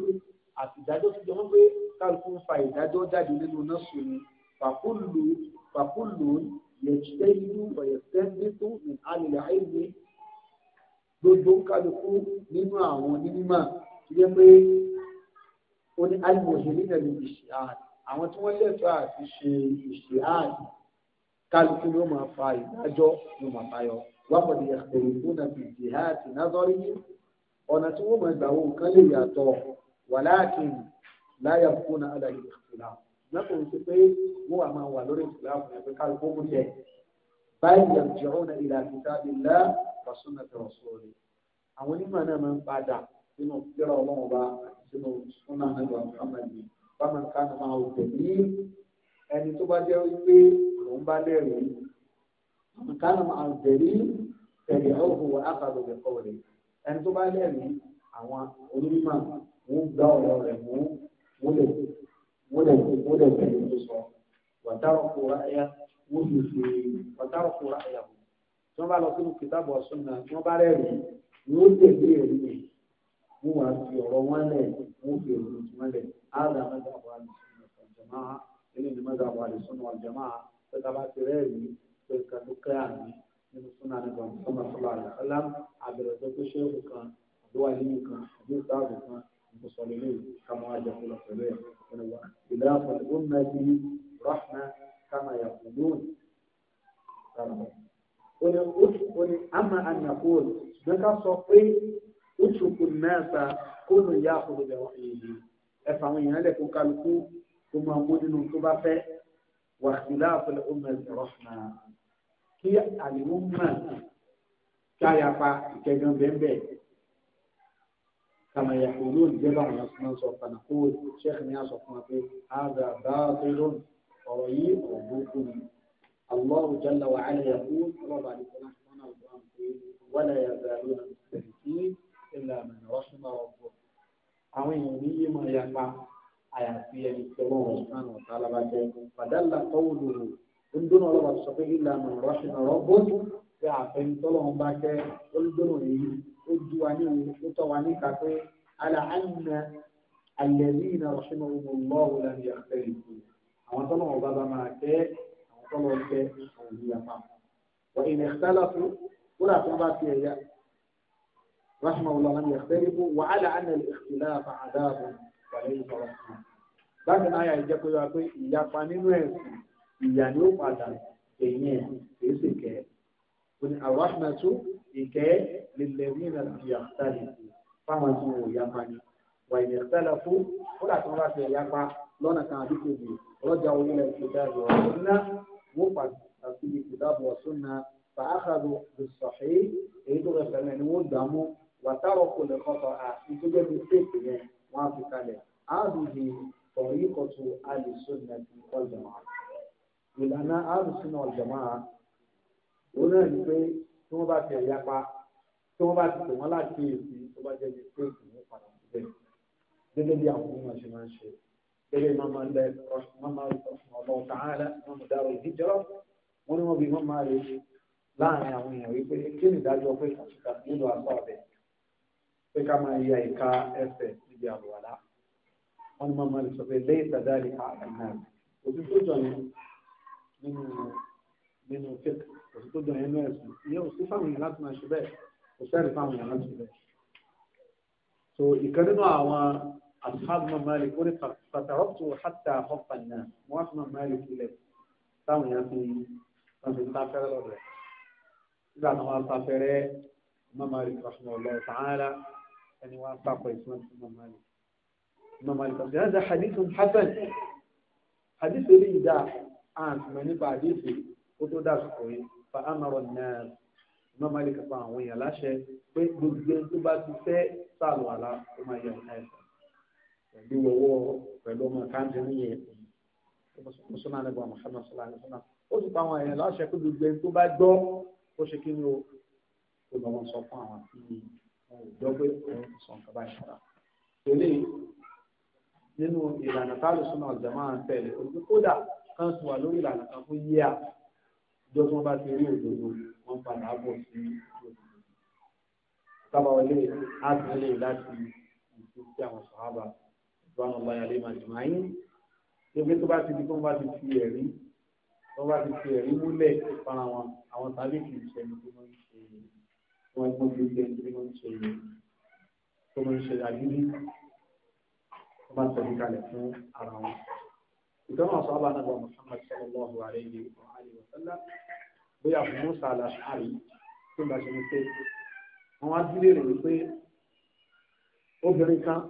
S1: àti ìdájọ́ tó jọmọ́ pé kálukú ń fa ìdájọ́ jáde nínú náà sùn ni fàkúlù fàkúlù yẹ̀jẹ̀ inú ọ̀yẹ̀tẹ́ nítò gbogbo kálukú nínú àwọn onímọ̀ yẹ pé ó ní alimoṣe nílẹ̀ ní ìṣìhàn àwọn tí wọ́n lẹ́tọ́ àti ṣe ìṣìhàn kálukú ló máa fa ìdájọ́ ló máa tayọ wákòtí ẹ̀kọ́rọ̀ fún àti ìṣìhàn àti názọ́rí ọ̀nà tí wọ́n máa gbà wọ́n kan lè yàtọ̀ wàláàkìn láyà fún àdàlẹ́ ìṣìlá lọ́kùn sí pé wọ́n wà máa wà lórí ìṣìlá fún ẹgbẹ́ kálukú mú jẹ báyìí yàtọ̀ ìlà kitabillah wa sunnati rasulih àwọn onímọ̀ náà máa ń padà sínú ìjọba ọlọ́run ọba àti sínú súnà nígbà Muhammad báwọn kan máa ò tẹ̀lé ẹni tó bá jẹ́ wípé òun bá lẹ́rìí àwọn kan máa ò tẹ̀lé tẹ̀lé ọ̀hún àkàlò ẹ̀kọ́ rẹ̀ ẹni tó bá lẹ́rìí àwọn onímọ̀ wọn gbá ọ̀rọ̀ rẹ̀ mú wọlé wọlé wọlé pẹ̀lú tó sọ wàtárọ̀ kó ráyà wọ́n fi fi wàtárọ̀ kó ráyà wọ́n tí wọ́n bá lọ sínú kìtàbù ọ̀sùn náà tí wọ́n bá rẹ̀ rí ni ó tẹ̀lé ẹ̀rí yẹn wọn wà fi ọ̀rọ̀ wọn lẹ̀ wọn fi ọ̀rọ̀ tí wọn lẹ̀ áàdà mẹ́ta wà lè sọnà ọjọmọ ilé ní mẹ́ta wà lè sọnà ọjọmọ pẹ̀lú àbá ti rẹ rí pẹ̀lú kàtó kẹrẹ àmì nínú súnà nípa sọmọ sọlá rẹ ọlá àbẹ̀rẹ̀ tó tó ṣe é kan àdúrà nínú kan àdúrà sáàbù kan nǹkan lélẹ̀ ká sọ pé oṣù kò mẹ́ta kó lè yá àkókò bẹ̀ wọ́n yìí ẹ̀fà àwọn èèyàn lẹ̀ kó kálukú kó máa mú nínú tó bá fẹ́ wà sí láàpẹ̀lẹ̀ ó mẹ́ ẹ̀rọ náà kí àlìmú mọ̀ káyapa ìkẹgàn bẹ́ẹ̀ kama yaqulun jẹba àwọn ọmọ sọ kana kó sheikh ní aṣọ fún wa pé àgbà bá tó yìí ọ̀rọ̀ burúkú ni
S2: allah jalla wa ala yaqul ọlọ́ba àdìsọ́lá fún wa náà wọ́n pé wọ́n lè yàgbé àlọ́ إلا من رحم ربه àwọn èèyàn
S1: ní yé máa yapa àyàfi ẹni tí ọlọ́run sùnánù ọ̀tá alábàjẹ́ fàdálà tọ́wọ́lù rẹ̀ ń dúnà ọlọ́run sọ pé ìlà àmọ̀ràn rọ́ṣìn ọ̀rọ̀ bójú pé àfẹn tọ́lọ́run bá jẹ́ ó ń dúnà yìí ó ju wa níwò ó tọ́ wa níta pé àlà ànà àlẹ́lí iná rọ́ṣìn lọ́wọ́ lẹ́nu àfẹ́ ìlú àwọn رحمه الله لم يختلفوا وعلى أن الاختلاف عذاب وليس رحمة بعد ما يجب يقول إيا فانين ويسي إيا نوب على إيا إيسي الرحمة إيكي للذين يختلفوا فما سوء يا فانين وإن اختلفوا ولا تنرى يا فا لونا كان بكبي رجعوا إلى الكتاب والسنة وقد في الكتاب والسنة فأخذوا بالصحيح إيدو غفلين وداموا wàtárọ̀ kò lè kọ́tọ̀ àti tó jẹ́ bí fèkì yẹn wọ́n á fi kalẹ̀ àdùhì tọ̀rí kọ̀tù àlùsùnà ti ọ̀jọ̀mọ́ ìlànà àlùsùnà ọ̀jọ̀mọ́ òun náà ni pé tí wọ́n bá ti ẹ̀yà pa tí wọ́n bá ti pè wọ́n láti èsì tó bá jẹ́ bí fèkì yẹn padà síbẹ̀ gẹ́gẹ́ bí àwọn ọmọ máa ń ṣe gẹ́gẹ́ mama lẹ mama ọlọ́ọ̀ tààlà mama dàrú ìdíjọ́ wọn ni wọ́n bí mama rẹ̀ láàrin àwọn èèyàn wípé kí ni ìdájọ́ pé àṣìkà nílò كما هي ايكا اف ديال ولا انا ما مالش في ليس ذلك النام وبتقدر من من فك وبتقدر هنا يا وصفه من الناس ما شبه وصار فاهم يا ناس شبه سو يكرنوا اوا اصحاب ما مالك ولي فتربت حتى خف الناس واخ ما مالك لي فاهم يا في فاهم تاكل الاوراق اذا نوال تاكل ما مالك رحمه الله تعالى ẹni wá pápọ̀ ìsúná sí mọ̀mọ́lì mọ̀mọ́lì kọ̀ọ̀sì náà ṣe hadith hasan hadith orí ìdá àǹtìmọ̀ nípa hadith ó tó dàsùkò yìí fa amọ̀rọ̀ náà mọ̀mọ́lì kọ̀ọ̀sì àwọn èèyàn láṣẹ pé gbogbo tó bá ti fẹ́ sàlù àlá ó máa yẹ ọ̀nà ẹ̀sán pẹ̀lú owó pẹ̀lú ọmọ káńtì níyẹn mùsùlùmá nígbà Muhammad sallallahu alaihi wasallam ó ti pa àwọn èèyàn láṣẹ pé gbogbo tó bá gbọ́ ó ṣe kí ni o ó lọ́wọ́ sọ fún àwọn tí wọn ò gbọ́ pé òun sọ nǹkan bá ìṣara tẹ́lẹ̀ nínú ìlànà táàlù súnà ọjà máa ń tẹ̀lé ojú kódà kan sùn wà lórí ìlànà kan fún yíyá ìjọ tí wọ́n bá ti rí òdodo wọ́n padà bọ̀
S2: sí òdodo
S1: sábà wọlé àtúnlé láti ìlú tí àwọn sàhábà ìbámu ọba yàrá ìmọ̀ àjùmọ̀ ayé ebi tó bá ti di kó bá ti fi ẹ̀rí tó bá ti fi ẹ̀rí múlẹ̀ fara àwọn tàbí kì tó máa ń wọ́n gbọ́n fi gbé ẹni tí wọ́n ṣe tó ń ṣe àdúrí wọ́n bá tẹ̀lé kalẹ̀ fún Muhammad sallallahu alayhi wa alihi wa sallam bóyá fún Musa al-Ash'ari tó ń bá ṣe ní pé wọ́n wá dúró rè pé obìnrin kan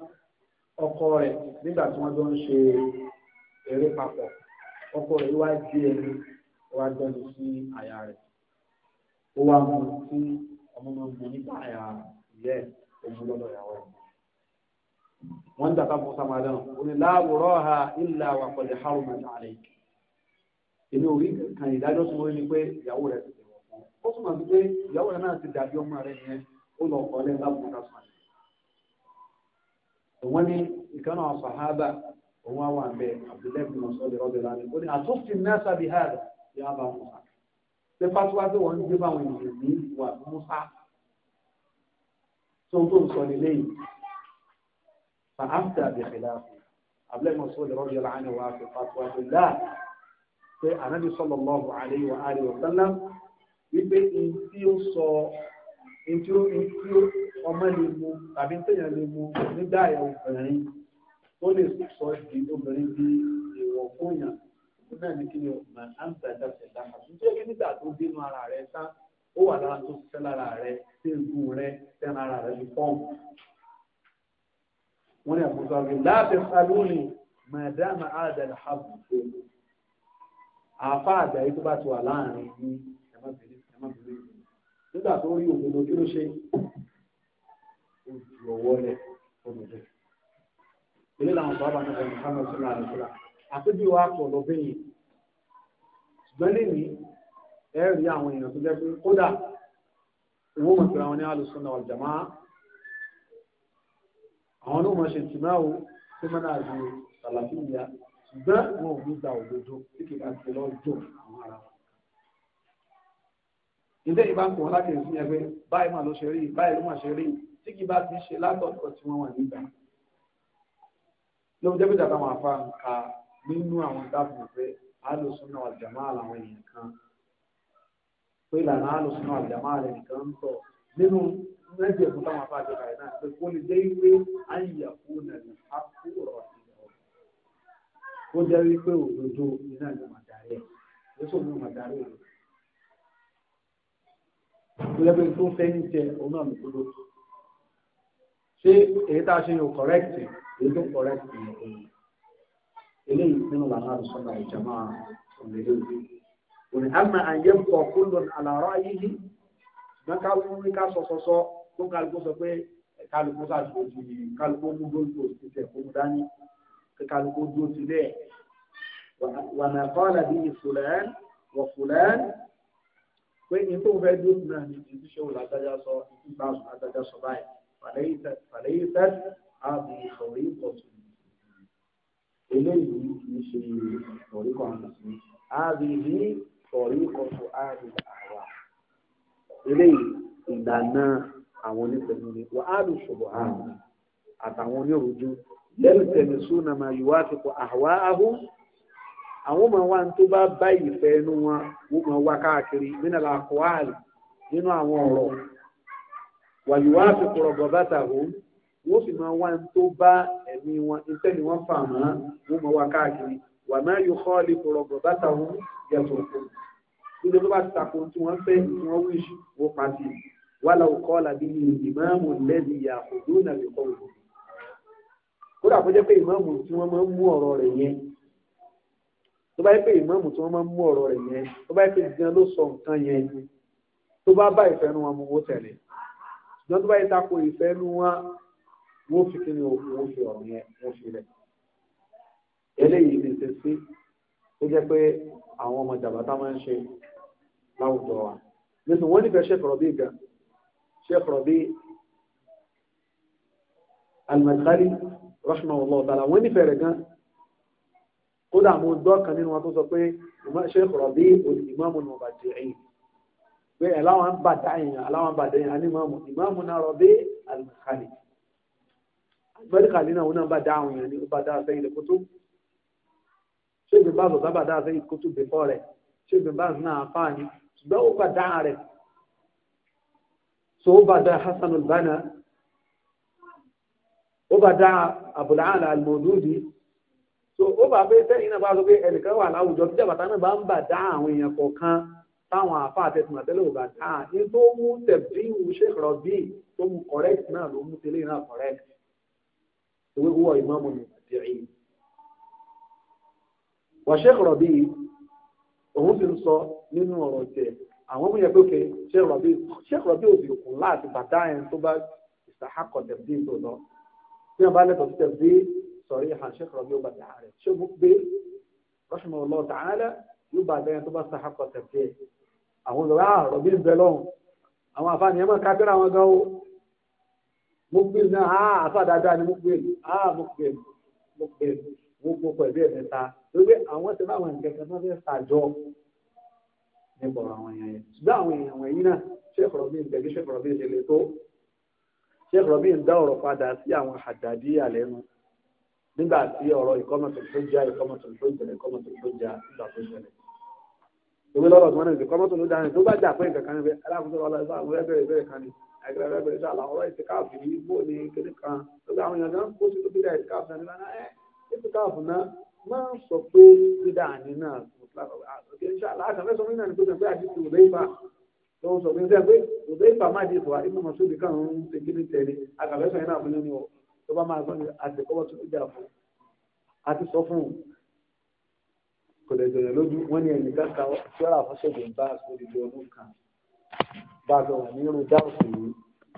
S1: ọkọ rẹ̀ nígbà tí wọ́n jọ ń ṣe eré papọ̀ ọkọ rẹ̀ wá gbé ẹni wá gbẹ́ni sí àyà rẹ̀ ó wá mú un sí Ọmụmụ máa ń ya, nígbà àyà ìyẹ́ ọmọ lọ́dọ̀ ìyàwó ẹ̀. wọ́n ń dàgbà fún Onye ní láàwòrán ha ìlà wà pẹ̀lú harum àlẹ́ èmi ò rí kan ìdájọ́ tó wọ́n ní pé ìyàwó rẹ̀ ti fún ọ. pé ìyàwó náà ti dàbí ọmọ yẹn ó lọ ìkànnà òun Abdullahi pé fatuwa tó wọn ń gbé báwọn ènìyàn ní ìwà musa tó ń tó ń sọ nílé yìí fàáfíà bí xìláàfù abúlé mọ̀sọ́ lè rọ́bì yàrá àná wàá fi fatuwa tó dá pé anabi sallallahu alayhi wa alihi wa sallam wípé ntí ó sọ ntí ó ntí ó ọmọ lè mu tàbí ntẹ̀yàn lè mu nígbà yẹn obìnrin tó lè sọ di òun náà ní kí ni ọ̀gbìn àǹtà ìdásẹ̀ dáhà tó jẹ́ kí nígbà tó dénú ara rẹ̀ sá ó wà lára tó ṣiṣẹ́ lára rẹ̀ sí egun rẹ̀ tẹ́nu ara rẹ̀ fi pọ́ùn. wọ́n ní àkóso àgbẹ̀ láàbẹ̀ falóni màdàmà àdàlẹ̀ àbù àfa àgbà yìí tó bá ti wà láàrin ní ẹ̀mọ́bìnrin ẹ̀mọ́bìnrin nígbà tó rí òdodo kí ló ṣe ojú ọwọ́ rẹ̀ òdodo. ilé làwọn bàbá náà ṣe Muhammad sallallahu alaihi wasallam àtúbí wa pọ̀ lọ bẹ́yìn ṣùgbọ́n lè ní ẹ rí àwọn èèyàn tó jẹ́ kódà owó mọ̀ pé ní alùsùnà wal jamaa àwọn ní wọ́n ṣe tìmáwó tó mọ́nà àjò sàlàfíìyà ṣùgbọ́n wọn ò ní gba òdodo tí kì bá ti lọ jò àwọn ara wọn. ilé ìbá ń pọ̀ wọn láti ìsìn ẹgbẹ́ báyìí mà ló ṣe rí báyìí ló mà ṣe rí tí kì bá ti ṣe látọ̀tọ̀ tí wọ́n wà nígbà. lóun jẹ́ pé jàdá wọn àfa ń ka nínú àwọn tábìlì pé alùsùnà àjàmá làwọn èèyàn kan pé ìlànà alùsùnà àjàmá rẹ̀ nìkan ń tọ̀ nínú mẹ́jì ẹ̀kún táwọn afá àjọba rẹ̀ náà pé kó lè jẹ́ ìwé àyàkú nàní àkúrọ̀ ìyàwó ó jẹ́ wípé òdodo iná ìlú màdàrí ẹ̀ lóṣù mi màdàrí ẹ̀ tó yẹ pé tó fẹ́ ń jẹ òun náà nìkan ló ṣe èyí tá a ṣe yóò kọ̀rẹ́kìtì èyí tó kọ̀rẹ́kìtì nìkan ló eléyìí nínú làwọn àlùsọ̀nà ìjàmà òmìnirò òní àmà àyè ń pọ̀ kúndùn àlàrọ̀ ayé yìí gbọ́nká wúrí ká sọ̀sọ̀sọ̀ tó kálukú sọ pé kálukú sàdúró ti yìí kálukú mú dóńtò ti tẹ̀ fún dání kálukú dúró ti bẹ́ẹ̀ wàmà kọ́lá bí fúlẹ́n wọ̀ fúlẹ́n pé ní tó fẹ́ dúró náà ní ìdí ṣe olùdájá sọ ìdí bá sùn adájá sọ báyìí fàlẹ́yìí tẹ́ àbí ìṣòro ìpọ̀tù eléyìí kìí ṣe tọ̀ríkọ̀ àmọ̀sí àbìrí tọ̀ríkọ̀ tó àbìrí àwa eléyìí ìlànà àwọn onífẹ̀mí ni wọ́n á lù ṣọ̀bọ̀ àmì àtàwọn onírúurú lẹ́nu tẹ̀mí súnà máa yọ wá fi kọ àwa ahó àwọn ọmọ wa tó bá bá ìfẹ́ inú wọn wọ́n máa wá káàkiri nínú àkọ́wàlì nínú àwọn ọ̀rọ̀ wàyíwá fi kọ̀rọ̀ bọ̀ bàtà hó wọ́n sì máa wá tó bá ẹ̀mí wọn iṣẹ́ ni wọ́n fà mọ́ wọ́n mọ́ wa káàkiri wà náà yóò kọ́ lè kọ̀rọ̀ bọ̀ bàtà wọn yẹtọ̀ fún un nígbà tó bá ti takò tí wọ́n fẹ́ tí wọ́n wíṣ wọ́n pa sí i wà láwù kọ́ làbí ní ìmáàmù lẹ́bi yàkùdú nàbí kọ́ òkú kódà kó jẹ́ pé ìmáàmù tí wọ́n máa ń mú ọ̀rọ̀ rẹ̀ yẹn tó bá yẹ pé ìmáàmù tí wọ́n máa ń mú ọ̀rọ̀ rẹ̀ yẹn tó bá yẹ pé ìdíyan ló sọ nǹkan yẹn tó bá bá ìfẹ́nu wọn mú wó tẹ̀lé ṣùgbọ́n tó bá yẹ takò ìfẹ́nu wọn wọ́n fi kí ni wọ́n fi ọ̀rọ̀ yẹn wọ́n fi rẹ̀. eléyìí ni ṣe sí ó jẹ́ pé àwọn ọmọ jàbátá máa ń ṣe láwùjọ wa nítorí wọ́n nífẹ̀ẹ́ Sheikh Rabi gan Sheikh Rabi Al-Madkhali rahimahullah ta'ala wọ́n nífẹ̀ẹ́ rẹ̀ gan kódà mo gbọ́ kan nínú wọn tó sọ pé Sheikh Rabi olùdìmọ́mù ni wọ́n bá jẹ́ ẹ̀yìn pé aláwọn bàdá èèyàn aláwọn bàdá èèyàn anímọ̀mù ìmọ̀mù náà Rabi Al-Madkhali mẹ́ríkà nínú àwọn náà bá dá àwọn èèyàn ní ó bá dá sẹ́yìn lè kótó ṣé ìgbìn bá bàbá bá dá sẹ́yìn kótó bẹ̀fọ́ rẹ̀ ṣé ìgbìn bá náà fáàní ṣùgbọ́n ó bá dá rẹ̀ so ó bá dá Hasan al ó bá dá Abul Ala al-Mawdudi so ó bá bẹ́ sẹ́yìn náà bá sọ pé ẹnìkan wà láwùjọ tí jàbàtà náà bá ń bà dá àwọn èèyàn kọ̀ọ̀kan táwọn àfa àtẹ̀tùmọ̀ tẹ́lẹ̀ ò bá dá ní tó mú tẹ̀bí ìwúṣẹ́ rọ̀bì tó mú correct náà ló mú tẹ́lẹ̀ náà correct هو إمام المتبعين وشيخ ربيع òun ti ń sọ nínú ọ̀rọ̀ tiẹ̀ àwọn ọmọ yẹn pé òkè Sheikh Rabi Sheikh Rabi òbí òkun láti bàtà yẹn tó bá ìsàhákọ̀ tẹ̀bí tó lọ bí wọn bá lẹ́tọ̀ sí tẹ̀bí sọ̀rí hàn Sheikh Rabi ó bàtà rẹ̀ ṣé mo gbé rọ́ṣùmọ̀ lọ tààlẹ̀ yóò bàtà yẹn tó bá ìsàhákọ̀ tẹ̀bí àwọn olùrà ah, Rabi ń bẹ lọ́hùn mukbil náà á àfa dáadáa ni mukbil á mukbil mukbil gbogbo pẹ̀lú ẹ̀ mẹ́ta lórí àwọn ṣe báwọn nǹkan kan tó fẹ́ ṣàjọ nípa ọ̀rọ̀ àwọn èèyàn yẹn ṣùgbọ́n àwọn èèyàn wọ̀nyí náà ṣẹ́kọ̀ọ́ bí n tẹ̀lé ṣẹ́kọ̀ọ́ bí n ṣe lè tó ṣẹ́kọ̀ọ́ bí n dá ọ̀rọ̀ padà sí àwọn àdàdí àlẹ́nu nígbà tí ọ̀rọ̀ ìkọ́mọ̀tò tó já ìkọ́mọ̀tò tó jẹ̀lẹ̀ ìkọ́mọ̀tò tó já nígbà kan ní pé alákòóso kan àìgbẹ̀rẹ̀ bẹ̀rẹ̀ sàlà ọ̀rọ̀ ìtìkáàfù yìí bò ní kíní kan lọ́gbà àwọn èèyàn kan kó sí tó bídà ìtìkáàfù náà nílànà ẹ̀ ìtìkáàfù náà máa ń sọ pé bídà ní náà àtàfẹ́sọ nínú ẹni tó sọ pé àdìsí òde ìfà tó sọ pé sẹ́ pé òde ìfà má di ìfọ̀wá ìfọ̀mọ̀ sóbì kan ń ṣe kíní tẹ̀lé àtàfẹ́sọ yẹn náà fún ní ọ tó bá máa sọ́ni àtẹ̀kọ́wọ́ tó ti dà fún àti sọ fún un kò lè jẹ̀yẹ̀ bá lọ wà nínú dáhùn yìí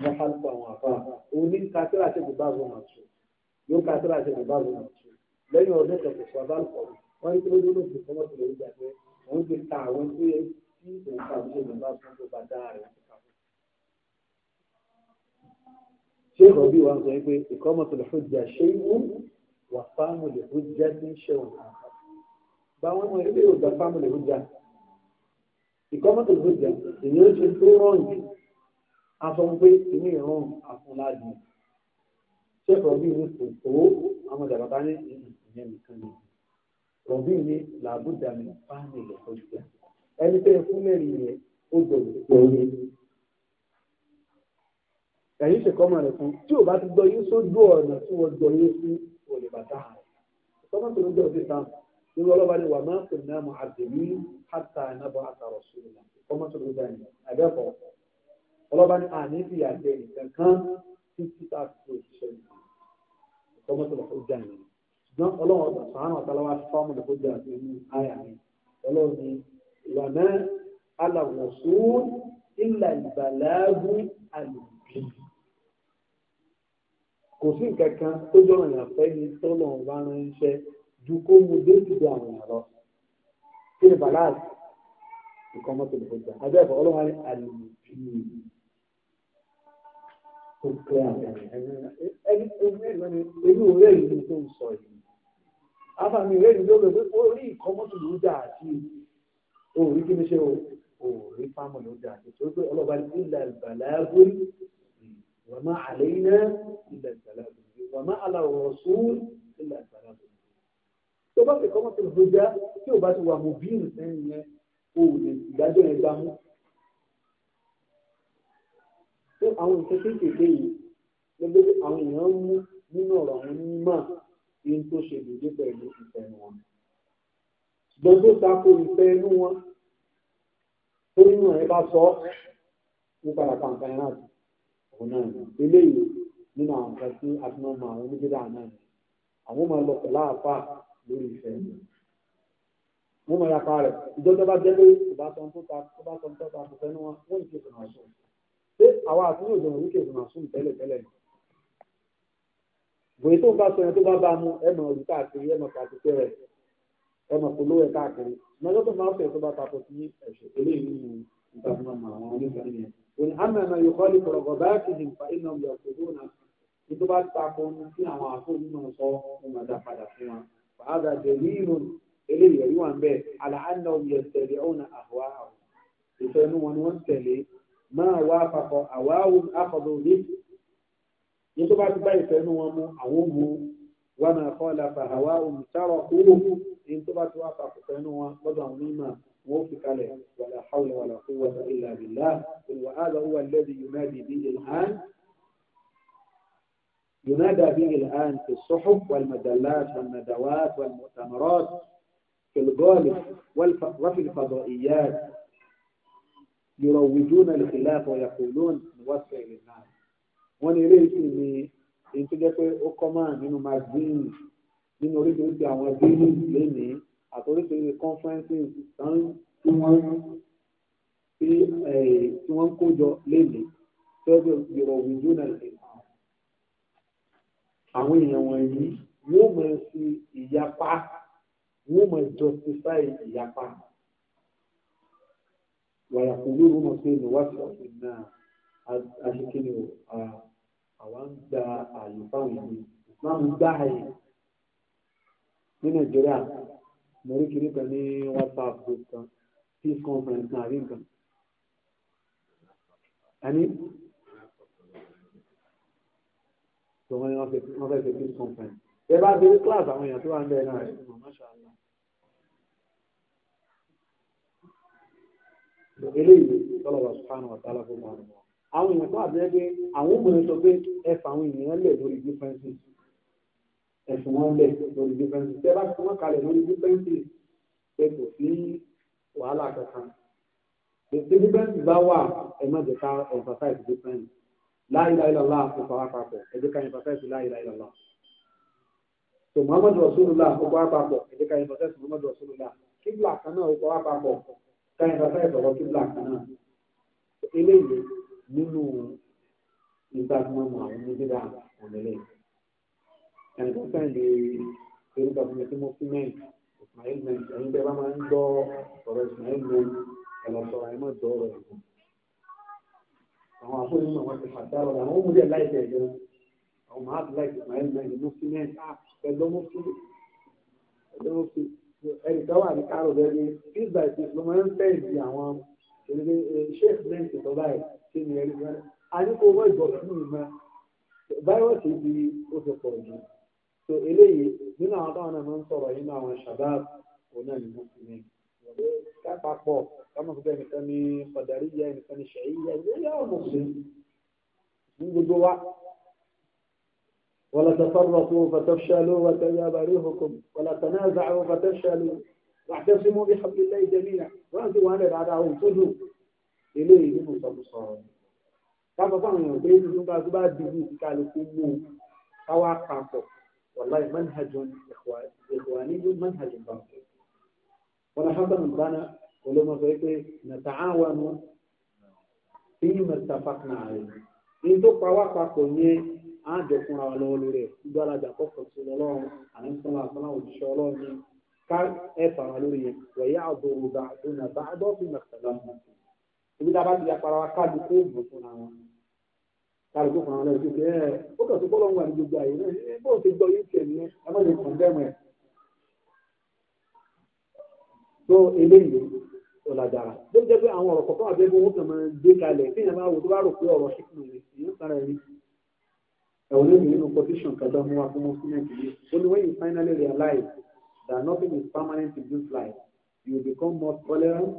S1: wọ́n fà lùkọ́ àwọn àfa òun ní kásílà ṣẹ́gun bá lọ wà tù yóò kásílà ṣẹ́gun bá lọ wà tù lẹ́yìn ọdún kẹfẹ́ fún abálùkọ́ wọ́n ní kí ló dúró fún ọmọ tòun ìgbà pé òun ti ta àwọn tó yẹ kí òun kà fún òun bá fún tó bá dá rẹ̀ ṣé ìrọ̀bí wa sọ pé ìkọ́mọ̀tò lè fún jà ṣé ìwú wà fáwọn lè ìkọ́mọ́tò gbèjà èyí ó ṣe tó rọrùn jù aṣọ ń pé inú ìrún àfúnláàdùn ṣé rọ̀bì ní kò tó àwọn jàbàtà ní ìyẹn nìkan ni rọ̀bì ní làbújá ní fáàmì ìlẹ̀kọ́ ìjà ẹni tẹ́ fún mẹ́rin yẹn ó gbọ̀dọ̀ lórí ẹ̀yìn ṣèkọ́mọ̀ rẹ̀ fún tí ò bá ti gbọ́ yín sójú ọ̀nà tí wọ́n gbọ́ yín sí olè bàtà rẹ̀ ìkọ́mọ́tò ló gbọ́ sí sáà ní ọlọ́ba ni wà hàtà nàbọ̀ àtàrọ̀ sórí náà kọ́mọ́tò ló dání àbẹ́kọ̀ ọlọ́ba ní àní fi àjẹ nìkan kan títí tá a fi tó ìṣiṣẹ́ nìkan kọ́mọ́tò ló dání ṣùgbọ́n ọlọ́run ọ̀dọ̀ sàánù àtàlọ́wà fáwọn ló dání nínú àyà mi ọlọ́run ní ìlànà alàwòsó ìlà ìbàlágù àlùbí kò sí nǹkan kan tó jọ̀rọ̀ yàn fẹ́ ni tọ́lọ̀ ń bá ránṣẹ́ ju kó mu dé ìdí àwọn àlọ́ kí ni balaz nǹkan mọ́tò lè fọjá abẹ́ ẹ̀fọ́ ọlọ́wọ́ ni àlùfíì tó kẹ́ àwọn ẹni ẹni òwúrẹ́ yìí tó ń sọ yìí afàmì ìwé ìlú ló gbé pé orí nǹkan mọ́tò ló dà sí òòrí kí ni ṣe òòrí fámọ̀ ló dà sí tó pé ọlọ́ba ilẹ̀ ìbàlágún wàmà àlẹ́ iná ilẹ̀ ìbàlágún wàmà àlàrọ̀ sùn
S2: ilẹ̀ ìbàlágún
S1: tó bá fi kọ́mọ́tò lọ́jà tí ò bá ti wà mọ́ bíìnù sẹ́yìn yẹn o ò lè ìdájọ́ yẹn gbá mú. tó àwọn nǹkan kéékèèké yìí lọ́gbẹ́ àwọn èèyàn mú nínú ọ̀rọ̀ àwọn onímọ̀ ohun tó ṣe déédéé pẹ̀lú ìfẹ́ wọn. ṣùgbọ́n tó tako ìfẹ́ inú wọn tó nínú ẹ̀ bá sọ ní padà kàǹkàn náà òun náà eléyìí nínú àwọn nǹkan tí a ti máa mọ àwọn onígbèdà náà àwọn máa lọ pẹ̀lú àáfàá lórí ìfẹ́ mi mo mọ ìyapa rẹ̀ ìjọba bá jẹ́ pé kò bá sọ tó ta kò bá sọ tó ta kò fẹ́ ní wọn wọ́n ìké ìsọ̀nà àṣọ pé àwa àtúnyẹ̀ òjò wọn ìké ìsọ̀nà àṣọ tẹ́lẹ̀ tẹ́lẹ̀ bòye tó ń bá sọ yẹn tó bá bá mu ẹ mọ̀ òrùka àkiri ẹ mọ̀ kàtúkẹ́ rẹ̀ ẹ mọ̀ polówó ẹ̀ káàkiri mọ́jọ́ tó máa ń fẹ̀ tó bá takò sí ẹ̀ṣẹ̀ eléyìí
S2: nínú ìgbàgbọ́n àwọn onígbàgbọ́n yẹn òní
S1: àmàmà yóò kọ́ ní kọ̀rọ̀gọ̀ báyà kìí nípa iná ìyàwó kòrónà ní tó bá takò ní àwọn àfọ̀ nínú sọ fún ọjà padà fàádà dẹ̀lílù eléyìí ẹ̀rí wà ń bẹ́ẹ̀ àlàáńdà omi ẹ̀tẹ̀lẹ̀ ọ̀nà àwa àwọn ìfẹ́ inú wọn ni wọ́n ń tẹ̀lé máa wá papọ̀ àwa àfọ̀dọ̀ òní ní tó bá ti bá ìfẹ́ inú wọn mú àwọn òmù wọn máa kọ́ lafa àwa òmù sárọ̀ kúrò ní tó bá ti wá papọ̀ ìfẹ́ inú wọn lọ́dọ̀ àwọn onímọ̀ wọn ó fi kalẹ̀ wàlà hàwlẹ̀ wàlà kúwwata ìlà billah ينادى به الآن في الصحف والمجلات والندوات والمؤتمرات في الغالب وفي الفضائيات يروجون الخلاف ويقولون نوسع للناس wọ́n ní eré ìsìn ni èyí tó jẹ́ pé ó kọ́mọ̀ nínú magazine nínú oríṣiríṣi àwọn daily lénìí àti oríṣiríṣi conferences tí wọ́n tí eh, wọ́n ń kó jọ lénìí tó yẹ kí ìrọ̀wùjú náà lè àwọn èèyàn wọ̀nyí wọ́n máa ṣe ìyapa wọ́n máa justify ìyapa wàrà kò ló wọ́n máa ṣe ìwádìí ọ̀sẹ̀ náà aṣèkéde àwọn ń gba àyè fáwọn èèyàn Islam gbá àyè ní Nàìjíríà mo rí kiri kan ní WhatsApp group kan peace conference náà rí nǹkan tó wọ́n ní wọ́n fẹ́ ṣe peace conference ẹ bá ṣe ní class àwọn èèyàn tó wà ń bẹ̀rẹ̀ náà ẹ̀sìn mọ̀ máṣá Allah. eléyìí tọ́lọ̀wà subhanahu wa ta'ala fún wa àwọn èèyàn tó àbẹ́rẹ́ pé àwọn obìnrin sọ pé ẹ fà àwọn èèyàn lẹ̀ lórí differences ẹ̀sùn wọn lẹ̀ lórí differences tẹ́ bá ti wọ́n kalẹ̀ lórí differences pé kò sí wàhálà kankan the differences bá wà ẹ má jẹ́ ká emphasize difference láìláìlọ́lá àkókò àpapọ̀ ẹ̀jẹ̀ ká ìfọ̀sẹ́ sí láìláìlọ́lá tó muhammed rasulula àkókò àpapọ̀ ẹ̀jẹ̀ ká ìfọ̀sẹ́ sí muhammed rasulula kíbla kan náà àkókò àpapọ̀ ká ìfọ̀sẹ́ ìsọ̀rọ̀ kíbla kan náà eléyìí nínú ìgbàgbọ́mọ àwọn onídìrà òmìnir ẹnìkan lè orúkọ fún mi tí mo fi mẹ́rin ismail mẹ́rin ẹ̀yin bẹ́ẹ̀ bá máa ń gbọ́ ọ̀rọ̀ ismail mẹ́rin ẹ̀lọ́sọ̀rọ̀ ẹ̀ àwọn afọ́nrin náà wọ́n ti fàdá ọ̀rọ̀ àwọn ọmọdé láìpẹ́ ẹ̀jẹ̀ àwọn máa ti láìpẹ́ máa ń lẹ́yìn mú sí mẹ́ta ẹ̀dọ́mú sí ẹ̀dọ́mú sí ẹnì kan wà ní kárò lẹ́ni pizza ti ló máa ń fẹ́ ìdí àwọn ṣéèkì náà ti tọ́ báyìí kí ni ẹni kan a ní kó wọ́n ìbọn mi mọ́ fáírọ́ọ̀sì di ó pọ̀ jù eléyìí nínú àwọn táwọn náà máa ń sọ̀rọ̀ nínú àwọn ṣàbáàbù òun náà ni mú sí mẹ́ta lápapọ̀ kámọ̀ fún bẹ́ẹ̀ nìkan ní kọ̀dàríyà nìkan ní ṣẹ̀yíyà ìgbéyà ọ̀mọ̀ sí ní gbogbo wa. ولا تفرقوا فتفشلوا وتذاب ريحكم ولا تنازعوا فتفشلوا واعتصموا بحبل الله جميعا وانتم وانا بعد اهو تدوا اليه nínú sọ̀rọ̀ káfọ́ fáwọn èèyàn pé nígbà tó bá dìbò kálukú mú káwá papọ̀ wàláì manhajun ikhwani manhajun báwọn. wọn hasan bana olóma sọ pé nàta àwọn ọmọ bí mẹ́ta fàkànà rẹ ní tó pawá papọ̀ á jọ fúnra wa lọ́wọ́ lórí ẹ̀ gbọ́dọ̀ kọ́kọ́ sí ọlọ́run àní sọ́nà àtọ́nà òjíṣẹ́ ọlọ́run yẹn ká ẹ̀ fara a bá ti yàpara wa káàdì kó tó eléyìí ọ̀làdàrà ló jẹ́ pé àwọn ọ̀rọ̀ kọ̀ọ̀kan àbẹ́ owó kan máa ń gbé kalẹ̀ tí ìyàmá wo tó bá rò pé ọ̀rọ̀ ṣíkùn rẹ̀ sì sára ẹni ẹ̀wọ̀n níbi nínú position kẹta mú wa fún mọ́ fún nàìjíríà ó ní when you finally realize that nothing is permanent in this life you become more tolerant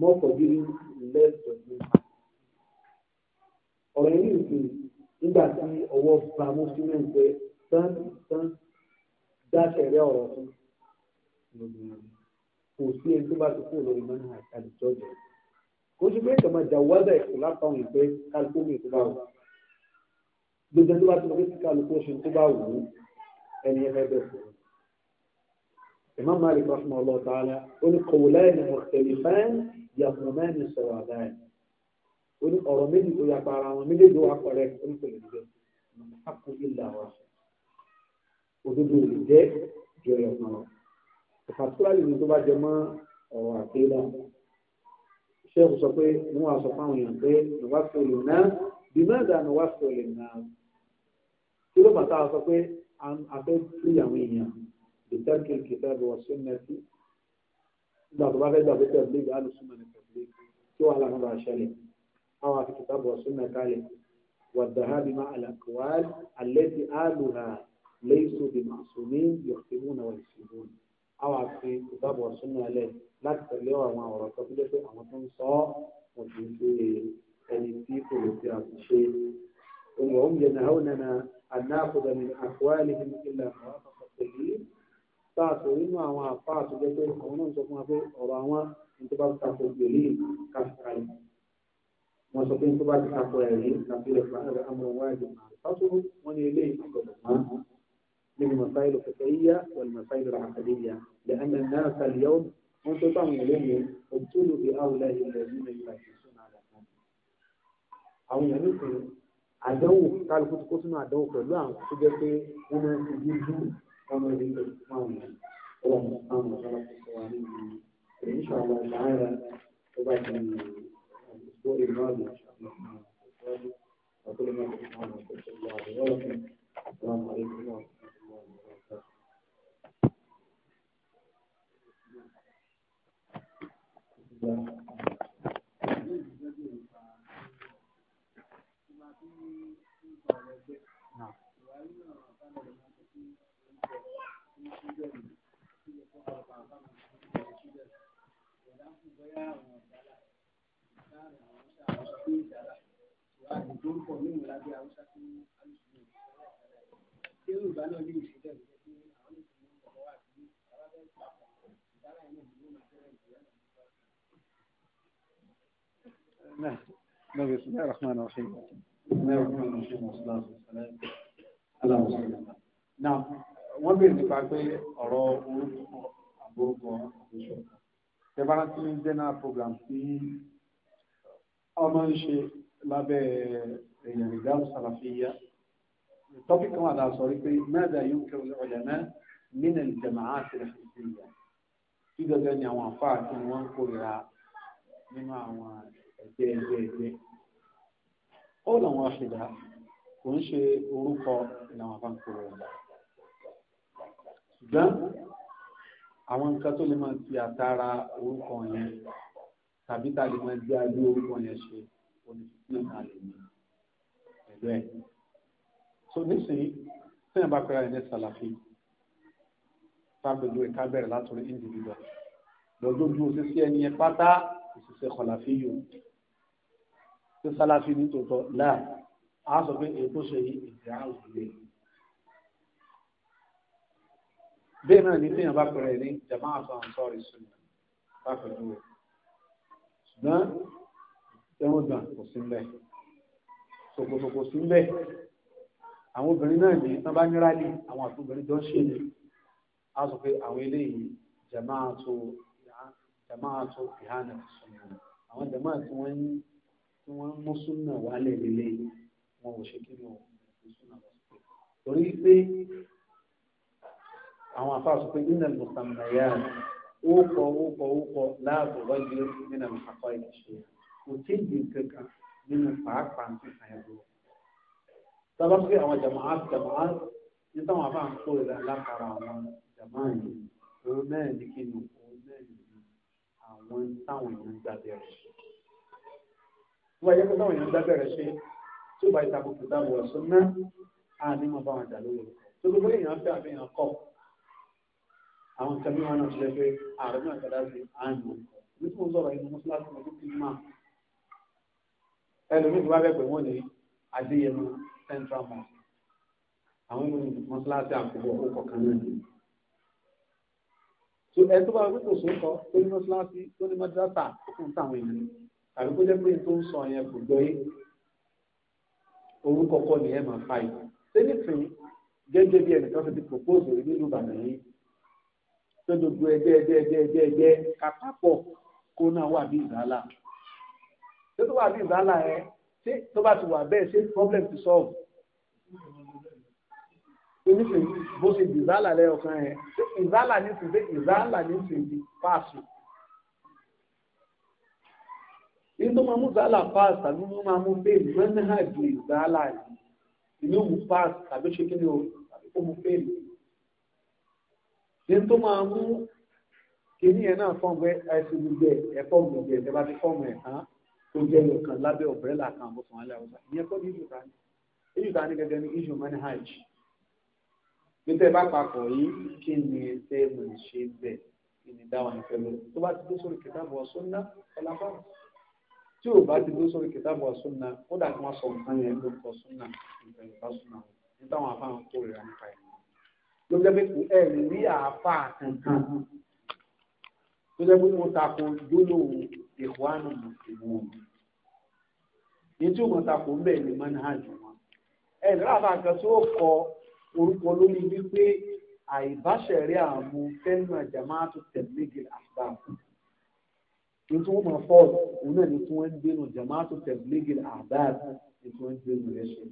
S1: more forgiving less judgmental. ọ̀rọ̀ yìí nìyí nígbà tí ọwọ́ bá mú sí náà pé tán tán dáṣẹ̀ rẹ̀ ọ̀rọ̀ fún kò sí ẹni tó bá ti kúrò lórí mọ́nà àtàlùjọ́ jẹ. kò sí pé ìtọ́mọ ìjà wádà ìkù látàwọn ìpẹ́ kálukú mi tó bá wù. gbogbo tó bá ti mọ pé kálukú ṣe tó bá wù ú ẹni ẹ fẹ́ bẹ̀ fún un. Imam Malik rahimahullah ta'ala ó ní qawlani mukhtalifan yaqumani sawadan ó ní ọ̀rọ̀ méjì tó yapa ara wọn méjèèjì wà ó ní pèlè jẹ́ àkùn ìlà wa òdodo ò lè particularly ní tó bá jẹ mọ́ ọ̀rọ̀ àkéèdà ṣéèkù sọ pé wọ́n á sọ fáwọn èèyàn pé ìwà sọ̀lẹ̀ náà bí mẹ́ta ni wà sọ̀lẹ̀ náà kí ló bàtà sọ pé afẹ́ tú àwọn èèyàn the turkey kìtẹ́ bí wọ́n sún mẹ́tì
S2: nígbà tó bá fẹ́ gbà pé tẹ̀lé
S1: ìgbà alùsùn mẹ́rin tẹ̀lé tí wàá làwọn bá ṣẹlẹ̀ àwọn àti kìtẹ́ bí wọ́n sún mẹ́ta lẹ̀ والذهاب مع الأقوال التي آلها ليسوا بمعصومين يخطئون ويصيبون àwọn àfi ìbábọ̀ sínú ẹlẹ́ láti tẹ̀lé àwọn ọ̀rọ̀ tó fi lẹ́sẹ̀ àwọn tó ń sọ ọ́ wọ́n ti ṣe ẹni tí kò lè fi àti ṣe.
S2: Òmùwà oúnjẹ náà ó nana àná
S1: àkọ́dà ní àkúwálé ní ilẹ̀ àwọn àpapọ̀ pẹ̀lú. Sáàtò nínú àwọn àpá àtúnjẹ pé àwọn náà sọ fún wa pé ọ̀rọ̀ àwọn ní tó bá ti tako pẹ̀lú káfíkàlì. Wọ́n sọ pé ní tó bá ti tako ẹ̀rí kàfílẹ̀ fún من المسائل الفقهية والمسائل العقدية لأن الناس اليوم منتظم إليهم ابتلوا بهؤلاء الذين يركزون على أو يعني عدو قال كنت قلت ما عدو قال لا قلت أنا أجيبه أنا
S2: أجيبه ما هو اللهم أمر رب العالمين إن شاء الله تعالى وبعد الأسبوع الماضي إن شاء الله وكل ما في الله ورحمه السلام عليكم ورحمه الله
S1: Yorùbá نعم بسم الله الرحمن الرحيم بسم الله الرحمن الرحيم والصلاة والسلام على رسول الله نعم wọ́n bèèrè nípa pé ọ̀rọ̀ orúkọ àbúrúkọ àbúṣọ tẹ́bára tí ń dẹ́nà program tí ọmọ ń ṣe lábẹ́ èèyàn ìdáhùn sàlàfíyà tọ́pì kan wà láà sọ wípé mẹ́ta yóò kẹrù ọ̀yà náà nínú ìjẹ̀mọ̀ àti ìfìsíyà kí gẹ́gẹ́ ni àwọn àfáà tí wọ́n ń kórìíra nínú àwọn ẹgbẹ́ ẹgbẹ́ ẹgbẹ́ ọ̀nà wọn àṣìdá kò ń ṣe orúkọ ìlànà bá ń kó rẹ̀
S2: ṣùgbọ́n
S1: àwọn nǹkan tó lè máa fi àtàrà orúkọ yẹn tàbí tá a lè máa gbé adé orúkọ yẹn ṣe oníṣẹ́ náà lè ní ẹ̀lú ẹ̀. so nísìnyí sẹ́yìn bá pẹ́ra ẹ̀ní sàlàfí fábẹ́lú ẹ̀ka bẹ̀rẹ̀ látọ̀rọ̀ individual lọ́jọ́ ojú òṣìṣẹ́ ẹni yẹn pátá òṣìṣẹ́ kọ̀láfí yòó pé sálàfí ní tòótọ́ láà á sọ pé èkó ṣe yí ìdí àwọn ìlú
S2: bẹ́ẹ̀ náà ní téèyàn bá pẹ̀rẹ̀ ní
S1: jamaa sọ àǹsọ́rì sùn bá pẹ̀lú rẹ̀ ṣùgbọ́n ẹ̀wọ̀n gbà kò sí mbẹ́ sòkòsòkò sí mbẹ́ àwọn obìnrin náà ní tán bá ní rálì àwọn àti obìnrin jọ ń ṣe ni á sọ pé àwọn eléyìí jamaa tó jamaa tó ìhánà sùn àwọn jamaa tí wọ́n ń tí wọ́n mú súnà wálẹ̀ lélẹ̀ wọn ò ṣe kí ni ò mú súnà
S2: lọ sí pé torí pé
S1: àwọn afáà sọ pé nínú ìmọ̀sánmáyà ó kọ ó kọ ó kọ láàbò lọ́jọ́ nínú àkọ́ ìṣe kò tí ì di kankan nínú pàápàá ní àyẹ̀wò sábà pé àwọn jàmáà jàmáà ní táwọn afáà ń kó ìlà látara àwọn jàmáà yìí òun náà ní kí ni òun náà ní àwọn táwọn èèyàn gbàgbé rẹ̀ wọ́n yẹ kó táwọn èèyàn dábẹ̀rẹ̀ ṣe tí ó bá ìta kòkò dábò ọ̀sán náà á ní mọ̀ bá wọn dà lórí tó gbogbo èèyàn fẹ́ àfihàn kọ́ àwọn nǹkan mìíràn náà ṣe pé ààrẹ náà kàdá sí àánú ní tí mo sọ̀rọ̀ inú mọ́ṣáláṣí mo tún ti máa ẹlòmíì tó bẹ̀ wọ́n ní adéyẹmọ central mosque àwọn mọ́ṣáláṣí àkùbọ̀ ó kọ̀ọ̀kan náà ni ẹ tó bá wípé kò sóńkọ tó ní mọ́ṣáláṣí tó ní mọ́dúrásà ó tàbí kó jẹ́ pé tó ń sọ yẹn kò gbọ́ yé orúkọ kọ́ ni ẹ máa fa yìí sẹ́nìtì gẹ́gẹ́ bí ẹnìkan fi ti propose rí nínú ìbàdàn yìí tó gbogbo ẹgbẹ́ ẹgbẹ́ ẹgbẹ́ ẹgbẹ́ ẹgbẹ́ kápápọ̀ kó náà wà bí ìzálà tó tó wà bí ìzálà ẹ ṣé tó bá ti wà bẹ́ẹ̀ ṣé problem ti solve oníṣègùn bó ṣe ìzálà lẹ́yọ̀kan ẹ ìzálà ní ti ṣe ìzálà ní ti ṣe pàṣẹ. èyí tó máa mú zàálà pass tàbí wọ́n máa mú fail mẹ́nàjù zàálà ìlú mú pass tàbí ṣe kí ni o tàbí kó mú fail èyí tó máa mú kíní ẹ̀ náà fọ́ọ̀mù ẹ̀sìn gbogbo ẹ̀ fọ́ọ̀mù gbogbo ẹ̀ tẹ́ bá ti fọ́ọ̀mù ẹ̀ hàn tó jẹ́ ọ̀kan lábẹ́ ọ̀bẹ̀rẹ̀là kan bó fún alẹ́ ọ̀sán ìyẹn kọ́ ní ìjù ta ni ìjù ta ni gẹ́gẹ́ ní ìjù manhaj nítorí bá tí ò bá ti dó sórí kìtàbù àsúnà ó dà kí wọ́n sọ nǹkan yẹn ló kọ súnà ìbẹ̀rẹ̀ bá súnà ní táwọn afáàn kó rẹ̀ nípa ẹ̀ ló jẹ́ pé kò ẹ̀ rí àáfàá kankan tó jẹ́ pé mo takò gbólóhùn ìwánu mùsùlùmí ní tí mo takò ń bẹ̀ ní manhaj wọn ẹ̀ rí àáfàá kan tí ó kọ orúkọ lórí wípé àìbáṣẹ̀rí àmú fẹ́ẹ́ máa jàmáà tó tẹ̀lé gẹ̀ẹ́ àgbà fún ní tí wọ́n máa fọ́ òun náà ní tí wọ́n ń gbénu jamaatu tẹ̀blégil àbáàd ní tí wọ́n ń gbénu rẹ̀ ṣe.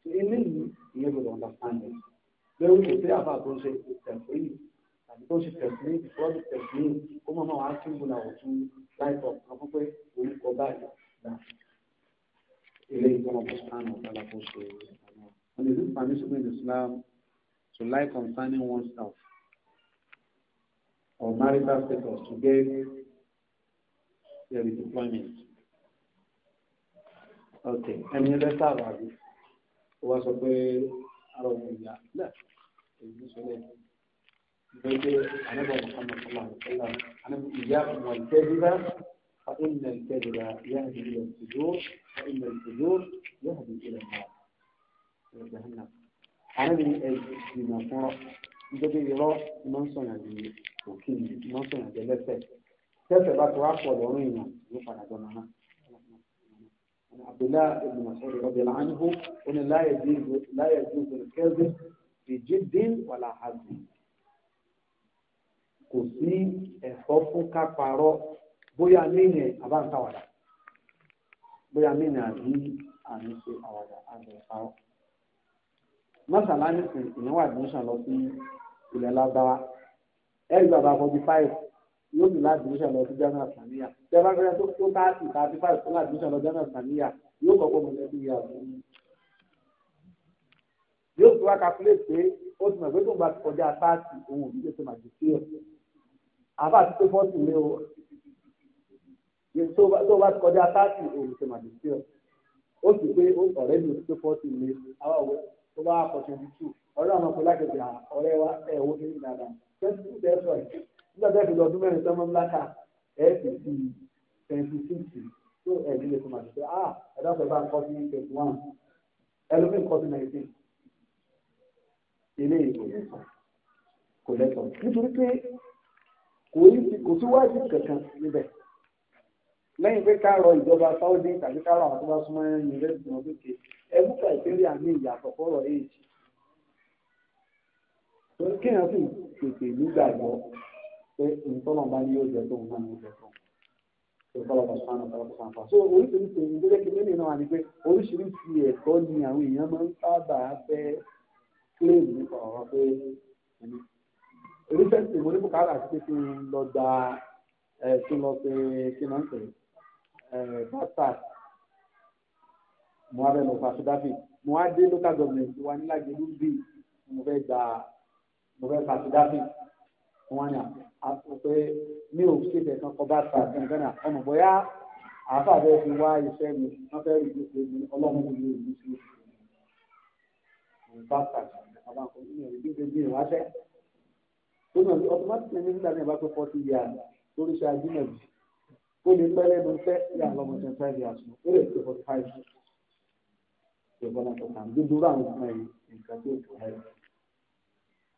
S1: ṣé eléyìí ìyẹn gbọdọ̀ understand it. bẹ́ẹ̀ wọ́n kò sí àbá tó ń ṣe tẹ̀fẹ́yì àti tó ń ṣe tẹ̀fẹ́yì ìfọ́dù tẹ̀fẹ́yì ó máa máa wá sí ìbùnà òtún láìpọ̀ kan fún pé orúkọ báyìí dà. eléyìí tó wọn bọ̀ sánà ọ̀dàlà kó ṣe on the in Islam to lie concerning oneself or marital status to their deployment. ok ẹni lẹ́tà àbí ó wá sọ pé ara òun ìyá náà èyí sọ lẹ́yìn bẹ́ẹ̀ anábọ̀ muhammad sallallahu alayhi wa sallam anábọ̀ ìyá àwọn ìtẹ́júdá فإن الكذب يهدي إلى الفجور وإن الفجور يهدي إلى النار جهنم àwọn ìgbìmọ̀ fún ọ nítorí irọ́ máa ń sọ̀rọ̀ àjẹ́ òkè máa ń sọ̀rọ̀ tẹ́sẹ̀ bá ti wá pọ̀ lọ́rùn ìmọ̀ ló padà jọ mọ́ náà. Abdullahi ibn Mas'ud radiyallahu anhu ó ní láyé dúró kẹ́sì ìjì dín wàlà àbí. Kò sí ẹ̀fọ́ fún kápárọ̀ bóyá nínú àbáǹtàwàdà bóyá nínú àbí àmì àwàdà àbẹ̀ ìparọ́. Mọ́sàlá ìyẹn wà admission lọ sí ilẹ̀ lágbára. Ẹ̀rí bàbá five yóò ní ládùúgbò lọ sí jẹ́nà sàníyà jẹ́nà fẹ́ tó tó táàtì tàbí fáìlì tó ládùúgbò lọ jẹ́nà sàníyà yóò kọ́kọ́ mọ̀ lẹ́bí ìyá rẹ̀ yóò tó wá calculate pé ó ti mọ̀ pé tó ń bá ti kọjá táàtì ohun òbí tó ti mà jù sí ẹ̀ àbá ti pé fọ́ọ̀tì lé o tó bá ti kọjá táàtì ohun tó mà sí ẹ̀ ó sì pé ọ̀rẹ́ mi ò ti pé fọ́ọ̀tì lé àwa tó bá wà pọ̀ nígbà tẹ́ẹ̀ fi lọ ọdún mẹ́rin tọ́mọ́ ńláka ẹ̀ sì sí twenty six tó ẹ̀ lè fún màá ṣe ah ẹ̀dá ọ̀sẹ̀ bá ń kọ́ sí twenty one ẹlòmíì kọ́ sí nineteen ilé ìwé kò lẹ́tọ̀ọ́ nítorí pé kò sí wájú kankan níbẹ̀ lẹ́yìn pé ká rọ ìjọba Saudi tàbí ká rọ àwọn tó bá súnmọ́ yunifásitì wọn lókè ẹgbẹ́ ká ìpínlẹ̀ àmì ìyàtọ̀ fọ́rọ̀ èjì. tó ń kéèyàn sì tètè nígbàgbọ́ pé ìtọ́nà bá ní yóò jẹ tó nǹkan ní ìjọ tó so oríṣiríṣi ìdílé kìíní náà ni pé oríṣiríṣi ẹ̀kọ́ ni àwọn èèyàn máa ń sábà fẹ́ claim nípa ọ̀rọ̀ pé recently mo ní bùkátà sí pé kí n lọ gba kí n lọ pé kí n máa ń pè dátà mo wá fẹ́ lọ fà sídáfì mo wá dé local government wa níláàgbé lóbi mo fẹ́ gba mo fẹ́ fà sídáfì wọn ni àpòpẹ mi ò ṣe tẹ̀sán kọ bá ta àti nǹkan náà ọmọ bóyá àáfà bẹ́ẹ̀ fi wá iṣẹ́ mi wọ́n fẹ́ rí ìdíje mi ọlọ́run kò ní ìlú sí bá ta àbá kò ní ìdíje mi ìwá fẹ́ tó náà ọtọmátìkì ní nígbà náà bá tó fọ́tí yà lórí iṣẹ́ ajínigbì ó lè pẹ́ lẹ́nu fẹ́ yà lọ́mọ twenty five years ó lè tó forty five years ìjọba náà tó kàn dúdú àwọn ọmọ yìí nǹkan tó tó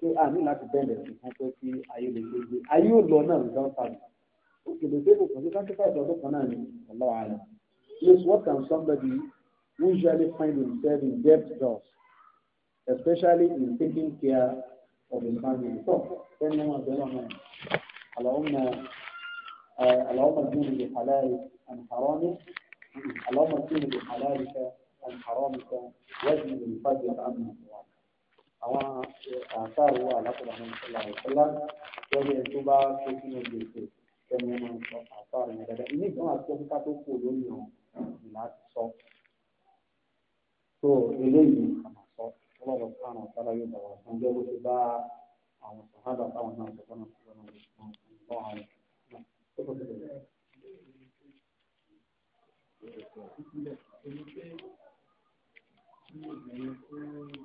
S1: ṣé a ní láti bẹ̀rẹ̀ sí fún pé kí ayé lè ṣe gbé ayé ò lọ náà without family òkèlè tó kò kàn sí twenty five ọdún kan náà ni ọlọ́wà rẹ̀ please what can somebody usually find himself in debt does especially in taking care of his family so sẹ́ni wọn bẹ̀rẹ̀ wọn àlọ́ọ̀mà àlọ́ọ̀mà dúró lè halal and harami àlọ́ọ̀mà dúró lè halal and harami wájú lè fàjẹ́ àmì àwọn eh, àǹfààní wà látọ̀dọ̀ àwọn ìṣẹ̀lẹ̀ àìsílá lọ́dẹ̀ tó bá tó sínú gbèsè tẹnu ọmọ sọ àǹfààní dáadáa ilé ìgbọ́n àti ọ̀fíkà tó kù lórí ọ̀hún ìlà ti sọ. tó eléyìí àmà sọ ọlọ́dọ̀ fún àwọn ọ̀tá láyé wà fún jẹ́ bó ti bá àwọn sàhádà táwọn náà sọ fọ́nà tó lọ́nà ìgbọ́n àwọn náà
S2: Thank you.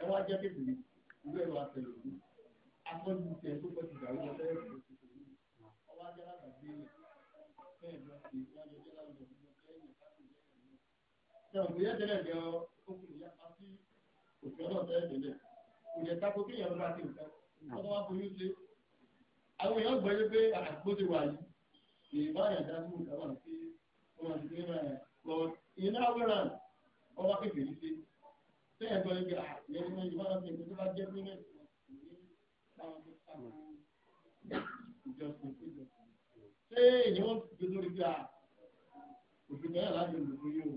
S2: ẹ wá jẹ́ bèbè ìlú ẹ̀rọ àtẹ̀lẹ̀ òkú akọ́jú tẹ̀ tó pẹ̀lú ìdàrú lọ bẹ́ẹ̀ lọ sí ìlú ọwọ́ ajá lágbàgbé bẹ́ẹ̀ lọ sí ìwádìí ọjọ́ láwùjọ nínú lẹ́yìn ìfásitì lẹ́yìn náà.
S1: ṣé òkú yẹn tẹ́lẹ̀ gan
S2: okùn ìyá pa sí òfin ọlọ́ọ̀ tẹ́lẹ̀ tẹ́lẹ̀ kò yẹ tako kéèyàn bá ti nǹkan ọmọ wa fojú ṣe àwọn èèyàn gbọ́ yé pé àgbo ti wà yìí ìbá yẹn dá sí ìdáwà sí ọmọ ìdílé náà lọ ìyẹn náà wẹ́ràn ọwọ́ kékeré ṣe sẹ́yìn tó ń gbé àtìlẹ́yìn náà yìí wọ́n ti tó bá jẹ́ mílẹ̀ ṣé èyí wọ́n ti tó rí gbà òfin náà láti lò fún yóò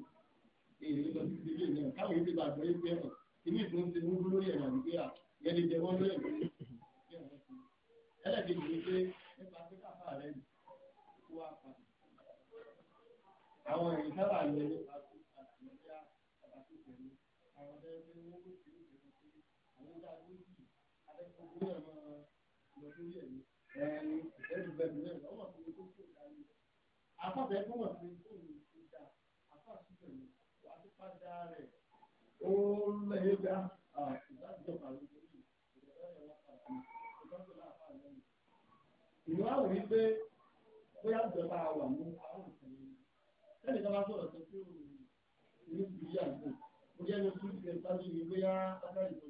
S2: èyí lọ sí ilé náà káwọn yóò ti bá àgbọ̀yé pé ẹ̀ inú ìdúró ti mú lórí ẹ̀rọ àdúgbò yà yẹn lè jẹ wọ́n lórí ẹ̀rọ
S1: ẹlẹ́kejì ni pé nípa pé káfá rẹ̀
S2: wá padà àwọn èyí sábà yẹ nípa pé. àfàbẹ́ ìlú àwọn yìí pé bóyá ìjọba wà ní àwọn ìṣẹ̀lẹ̀ yìí sẹ́ni ìjọba sọ̀rọ̀ tó kí òun ìlú ìyá àgbò bóyá ní oṣù kẹta ní bóyá adájọ́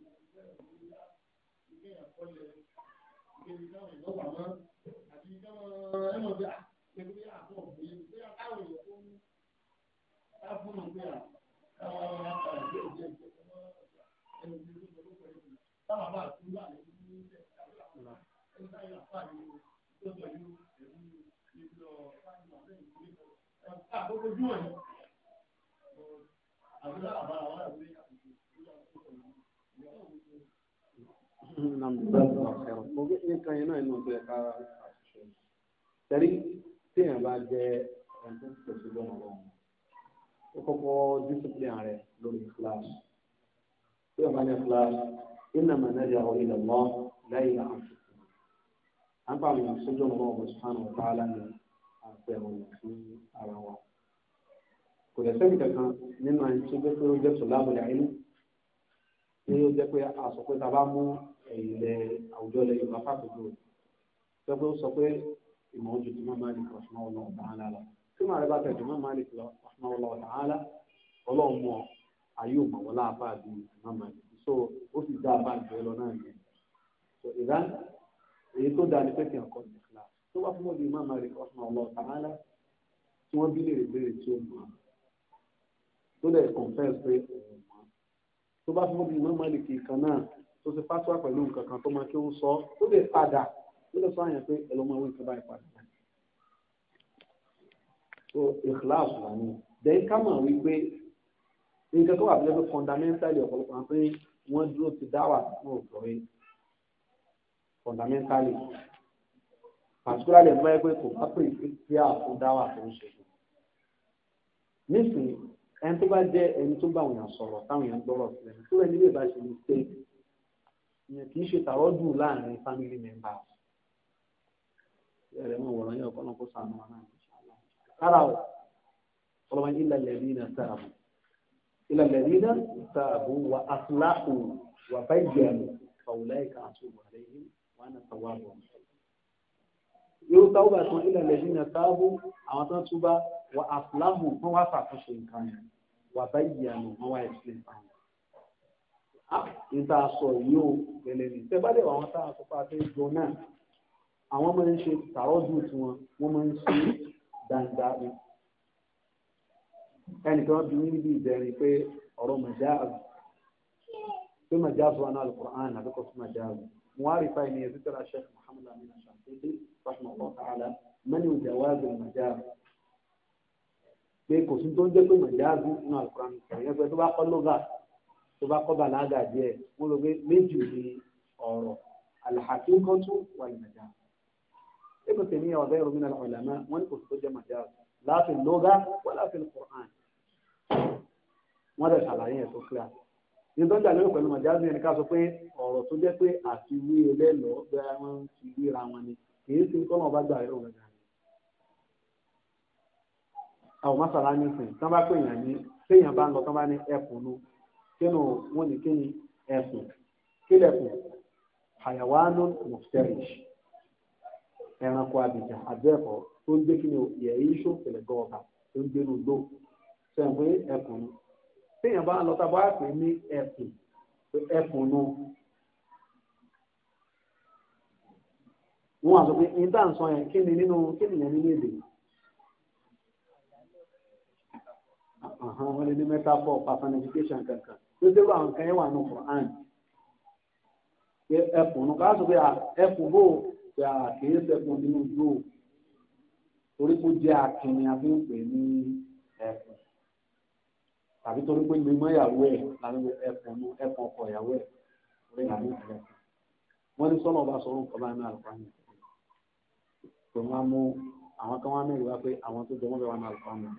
S2: ọlẹ̀ ìgbèrè káwọn ìlú wà mọ́ àti káwọn ẹ̀mọ̀ bí àtẹ̀wé bí àtọ̀ òbí bí àtàwọn èèyàn tó ń bá fún mi pé àwọn àtàwọn ìgbèrè jẹ́ ìgbèrè ẹni tí ó ń bọ̀ lọ́pọ̀ ẹ̀yìn táwọn bá tún wà ní ní ilẹ̀ ẹni táyà fà ní ìjọba yóò ẹ̀rú ìlọ fáìlì àbẹ́yìn ìgbèrè kan àbójúwọ̀n àbúrò àbá mo
S1: gbé nǹkan yẹn náà inú ọgbẹ
S2: ká àṣìṣe
S1: tẹrí téèyàn bá jẹ ẹni tó ń pèsè lọ́nà lọ́wọ́ ó kọ́kọ́ discipline rẹ lórí class tí wọ́n bá ní class iná mẹ́nẹ́jà orí ilẹ̀ mọ́ lẹ́yìn àṣìṣe à ń pa àwọn ìṣojú ọmọ ọmọ sùpánù ọ̀tá aláàánú àpẹ àwọn ilẹ̀ àwùjọ ilẹ̀ yorùbá fàtòjò tẹ́gbẹ́ ó sọ pé ìmọ̀ ojú tó máa máa lè kọ̀ọ̀ṣùn máa lọ ọ̀tàn án lọ tí màá rẹ bá tẹ̀jú máa máa lè kọ̀ọ̀ṣùn máa lọ ọ̀tàn án lọ ọlọ́run mọ̀ ayé ò mọ̀ wọ́n láàbà bí máa máa lè so ó sì dá abá ìjọ lọ náà yẹn so ìdán èyí tó dáa ni pé kí ní ìlà tó bá fún mọ́bí máa máa lè kì í kan náà tó ti fatuwa pẹ̀lú nǹkan kan tó máa kí ń sọ ó lè padà ó lè sọ àyàn pé ẹ lọ máa wí nǹkan báyìí padà. so ìkìláàsì wà ní dẹ̀ ká mọ̀ wípé nǹkan tó wà bí lẹ́gbẹ̀ẹ́ fundamentally ọ̀pọ̀lọpọ̀ àti wọ́n dúró ti dá wà fún òkòrè fundamentally particularly ẹgbẹ́ ẹgbẹ́ kò bá pè é pé àfún dá wà fún ṣègùn. nísìnyí ẹni tó bá jẹ́ ẹni tó bá àwọn èèyàn sọ̀rọ̀ táwọn èèyàn gbọ́rọ̀ sílẹ̀ tó rẹ̀ nílé ìbáṣe ní state ìyẹn kì í ṣe tàwọ́dù láàrin family members ẹ̀rẹ̀ mọ̀ wọ̀rọ̀ yẹn ọ̀kọ́ náà kó sànù wọn náà kára o ọlọ́mọ ilẹ̀ lẹ́bí iná sáàbù ilẹ̀ lẹ́bí iná sáàbù wà áfúláhù wà báyìí
S2: fàwùláì kan àti òwò rẹ̀ yìí wà ní tàwábù
S1: irú táwùbà tán ilẹ̀ lẹ́bí iná sáàbù àwọn tán túbà wà áfúláhù wọn wá fàtúnṣe nǹkan yẹn wà báyìí wọn wá ẹ̀sìn fáwọn. Ah, níta sọ yìí ó gẹ́lẹ́ ní tẹ́gbàdé àwọn tá a sọ pé a fẹ́ jọ náà àwọn máa ń ṣe tàrọ́dù tiwọn wọ́n máa ń ṣe dáńdáńdá ẹnìkan bí níbi ìbẹ̀rẹ̀ pé ọ̀rọ̀ màjáàbù pé màjáàbù wọn alukur'an àbíkọ́ fún màjáàbù wọn á rí fáìní ẹ̀ títẹ̀rẹ̀ sheikh muhammad amin ashanti rahmanahu ta'ala mẹ́ni ìjàwáàbù màjáàbù pé kò sí tó ń jẹ́ pé màjáàbù nínú alukur'an kẹ̀yẹ́ pé tó bá kọ́ lóga tó bá kọ́ bàlágà díẹ̀ wọ́n lọ pé méjì ni ọ̀rọ̀ alhakínkọ́tù wà lẹ́dà. Ibn Taymiyyah wa ghayruhu min al-ulama wọ́n ní kò tó jẹ́ majaz la fil lugha wala fil Qur'an. Wọ́n dẹ̀ ṣàlàyé ẹ̀ tó kíra. Ní tó ń dà lórí pẹ̀lú majaz ní ẹni ká sọ pé ọ̀rọ̀ tó jẹ́ pé àfiwé ẹlẹ́lọ́ọ́ bẹ́ẹ̀ wọ́n ti wíra wọn ni kì í ti ń kọ́nà ọba gbà ẹ̀rọ gbàgbà àwọn masara ní sìn tán bá pè yàn ní séèyàn bá ń lọ tán kínú wọn ní kí ni ẹ̀sùn kílẹ̀kùn hayawanu mufterish ẹranko abidjan abẹ́ẹ̀kọ́ tó ń gbé kí ni yẹ̀ẹ́ iṣu pẹ̀lẹ́ gọ́ọ̀bà tó ń gbénu lò sẹ̀ǹpé ẹkùn ni téèyàn bá lọ tábà pè ní ẹkùn ẹkùn nu wọn àtọ́ pé níta yẹn kí ni nínú kí ni yẹn nínú èdè wọn lè ní mẹ́tàfọ́ personification kankan tó dé bá nǹkan yẹn wà ní Quran pé ẹkùn nù káàtó pé ẹkùn bò pé àkèé sẹkùn nínú igbó torí kó jẹ akínni a fi ń pè ní ẹkùn tàbí torí pé mímọ ìyàwó ẹ làwọn ẹkùn nù ẹkùn ọkọ ìyàwó ẹ orí làwọn ìpínlẹ̀ wọn ní sọlọ ọba sọ̀rọ̀ nǹkan báyìí náà lọkọ tó máa mú àwọn kan wá mẹ́rin wá pé àwọn tó jọmọ bẹ wà náà lọkọ àná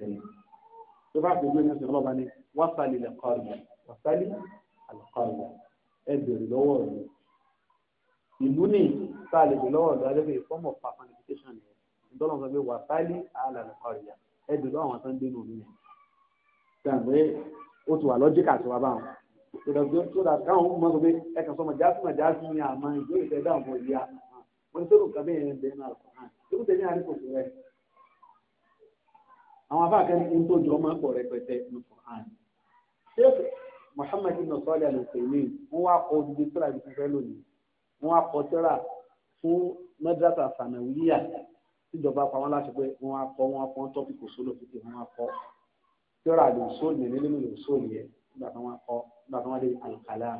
S1: tó bá fi ní ọsẹ ọlọba ní wàá sàlẹ lẹkọọ rẹ wàsálí àlùkàlà ẹ bèrè lọ́wọ́ rẹ̀ ìlú ní tá a lè bèrè lọ́wọ́ rẹ̀ alẹ́ bèrè form of personification rẹ̀ ìtọ́nà sọ pé wàsálí àlùkàlà ẹ bèrè lọ́wọ́ àwọn tó ń dénú mi yẹn gbàgbé ó ti wà lọ́jíkà tí wà bá wọn sódà káwọn ọmọ sọ pé ẹ kàn sọmọ jáàsì mà jáàsì ni àmọ́ ìbéèrè tẹ dáhùn fún ìyá wọn ní sódà nǹkan bẹ́ẹ̀ ń bẹ́ẹ̀ náà kọ̀ hàn tó ń tẹ̀lé àríkò fún rẹ̀ àwọn abáàkẹ́ ní tó jọ máa ń pọ̀ rẹpẹtẹ ní kọ̀ hàn Muhammad ibn sọ́ọ̀lì àlùfẹ̀mí wọ́n wá kọ odidi tíra ibi fífẹ́ lónìí wọ́n wá kọ tíra fún mẹ́dírásà sànàwíyà tíjọba pa wọ́n láti pé wọ́n wá kọ wọ́n wá kọ́ tọ́pìkì òṣòlò fífi wọ́n wá kọ́ tíra àlè òṣòlì yẹn nínú òṣòlì yẹn nígbà tí wọ́n kọ́ nígbà tí wọ́n dé alkalam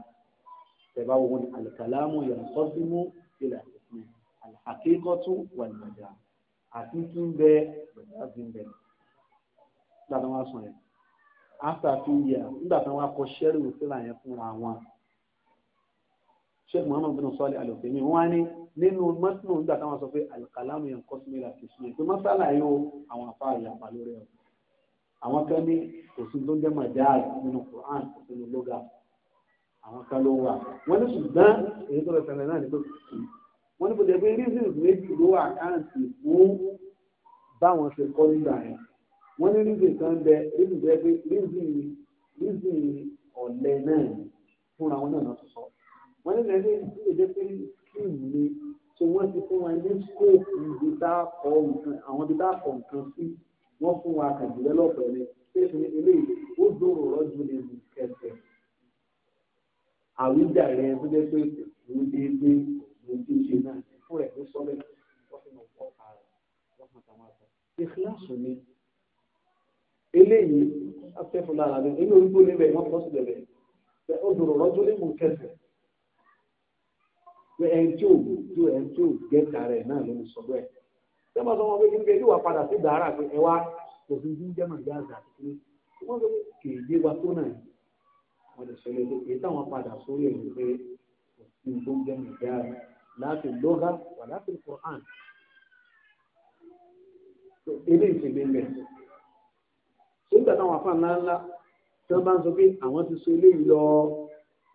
S1: tẹ̀bá wo ni alkalamu yẹn sọ́símú ilẹ̀ àkíkọ́tù wà nígbàjà àti tún bẹ́ẹ̀ bẹ́ẹ̀ after two years nígbà tí wọ́n kọ sẹ́rù síra yẹn fúnra wọn sheikh muhammad bin sọ́ọ̀lì alùpùpù wọn á ní nínú mọ́tínú nígbà táwọn sọ pé alùkàlámù yẹn kọ́ sílẹ̀ àti sílẹ̀ pé mọ́sálà yóò àwọn afá ìyàpá lórí ẹ̀ àwọn kan ní kò sí tó ń jẹ́ majáàlì nínú quran kò sí lóga àwọn kan ló wà wọ́n ní ṣùgbọ́n èyí tó lọ sẹ́lẹ̀ náà ní pé wọ́n ní kò jẹ́ pé reasons méjì ló wà káàntì fún báwọn ṣe kọ́ nígbà yẹn wọ́n ní rízìn kan bẹ rízìn bẹ pé rízìn rízìn ọ̀lẹ náà fúnra wọn náà lọ́sọ̀ sọ wọ́n ní lẹ́yìn tí ó jẹ́ pé fíìmù ni tí wọ́n ti fún wa ní skóòpù ibi tá a kọ nǹkan àwọn ibi tá a kọ nǹkan sí wọ́n fún wa kàn jùlẹ́ lọ́pọ̀ ẹni pèsè ní eléyìí ó dòrò rọ́jú ní ìlú kẹsẹ̀ àwíjàre tó jẹ́ pé kò déédéé ló ti ṣe náà fún rẹ̀ ló sọ lẹ́nu fi mọ̀ wọ́n fi mọ̀ eléyìí afẹ́fún lára mi inú orí gbólé bẹ́ẹ̀ wọ́n fọ́sí bẹ̀rẹ̀ bẹ́ẹ̀ ó dòrò rọ́jò lé mú kẹsẹ̀ pé ẹni tí ò tó ẹni tí ò gẹ́ kárẹ̀ náà ló ń sọ bẹ́ẹ̀ sẹ́mi ọ̀sán wọn pé kí n gẹ́ yíwà padà sí dàárà pé ẹ wá òfin tí ń jẹ́ màgá àgbà àti pé wọ́n fẹ́ kéde wa tó náà wọ́n lè sọlẹ̀ pé èyí táwọn padà sórí ẹ̀rọ pé òfin tó ń jẹ́ màgá láti lọ́gà wà láti kọ́ àn eléyìí ti lé mẹ́rin nígbà táwọn afá ńlá ńlá tí wọ́n bá ń sọ pé àwọn ti so eléyìí lọ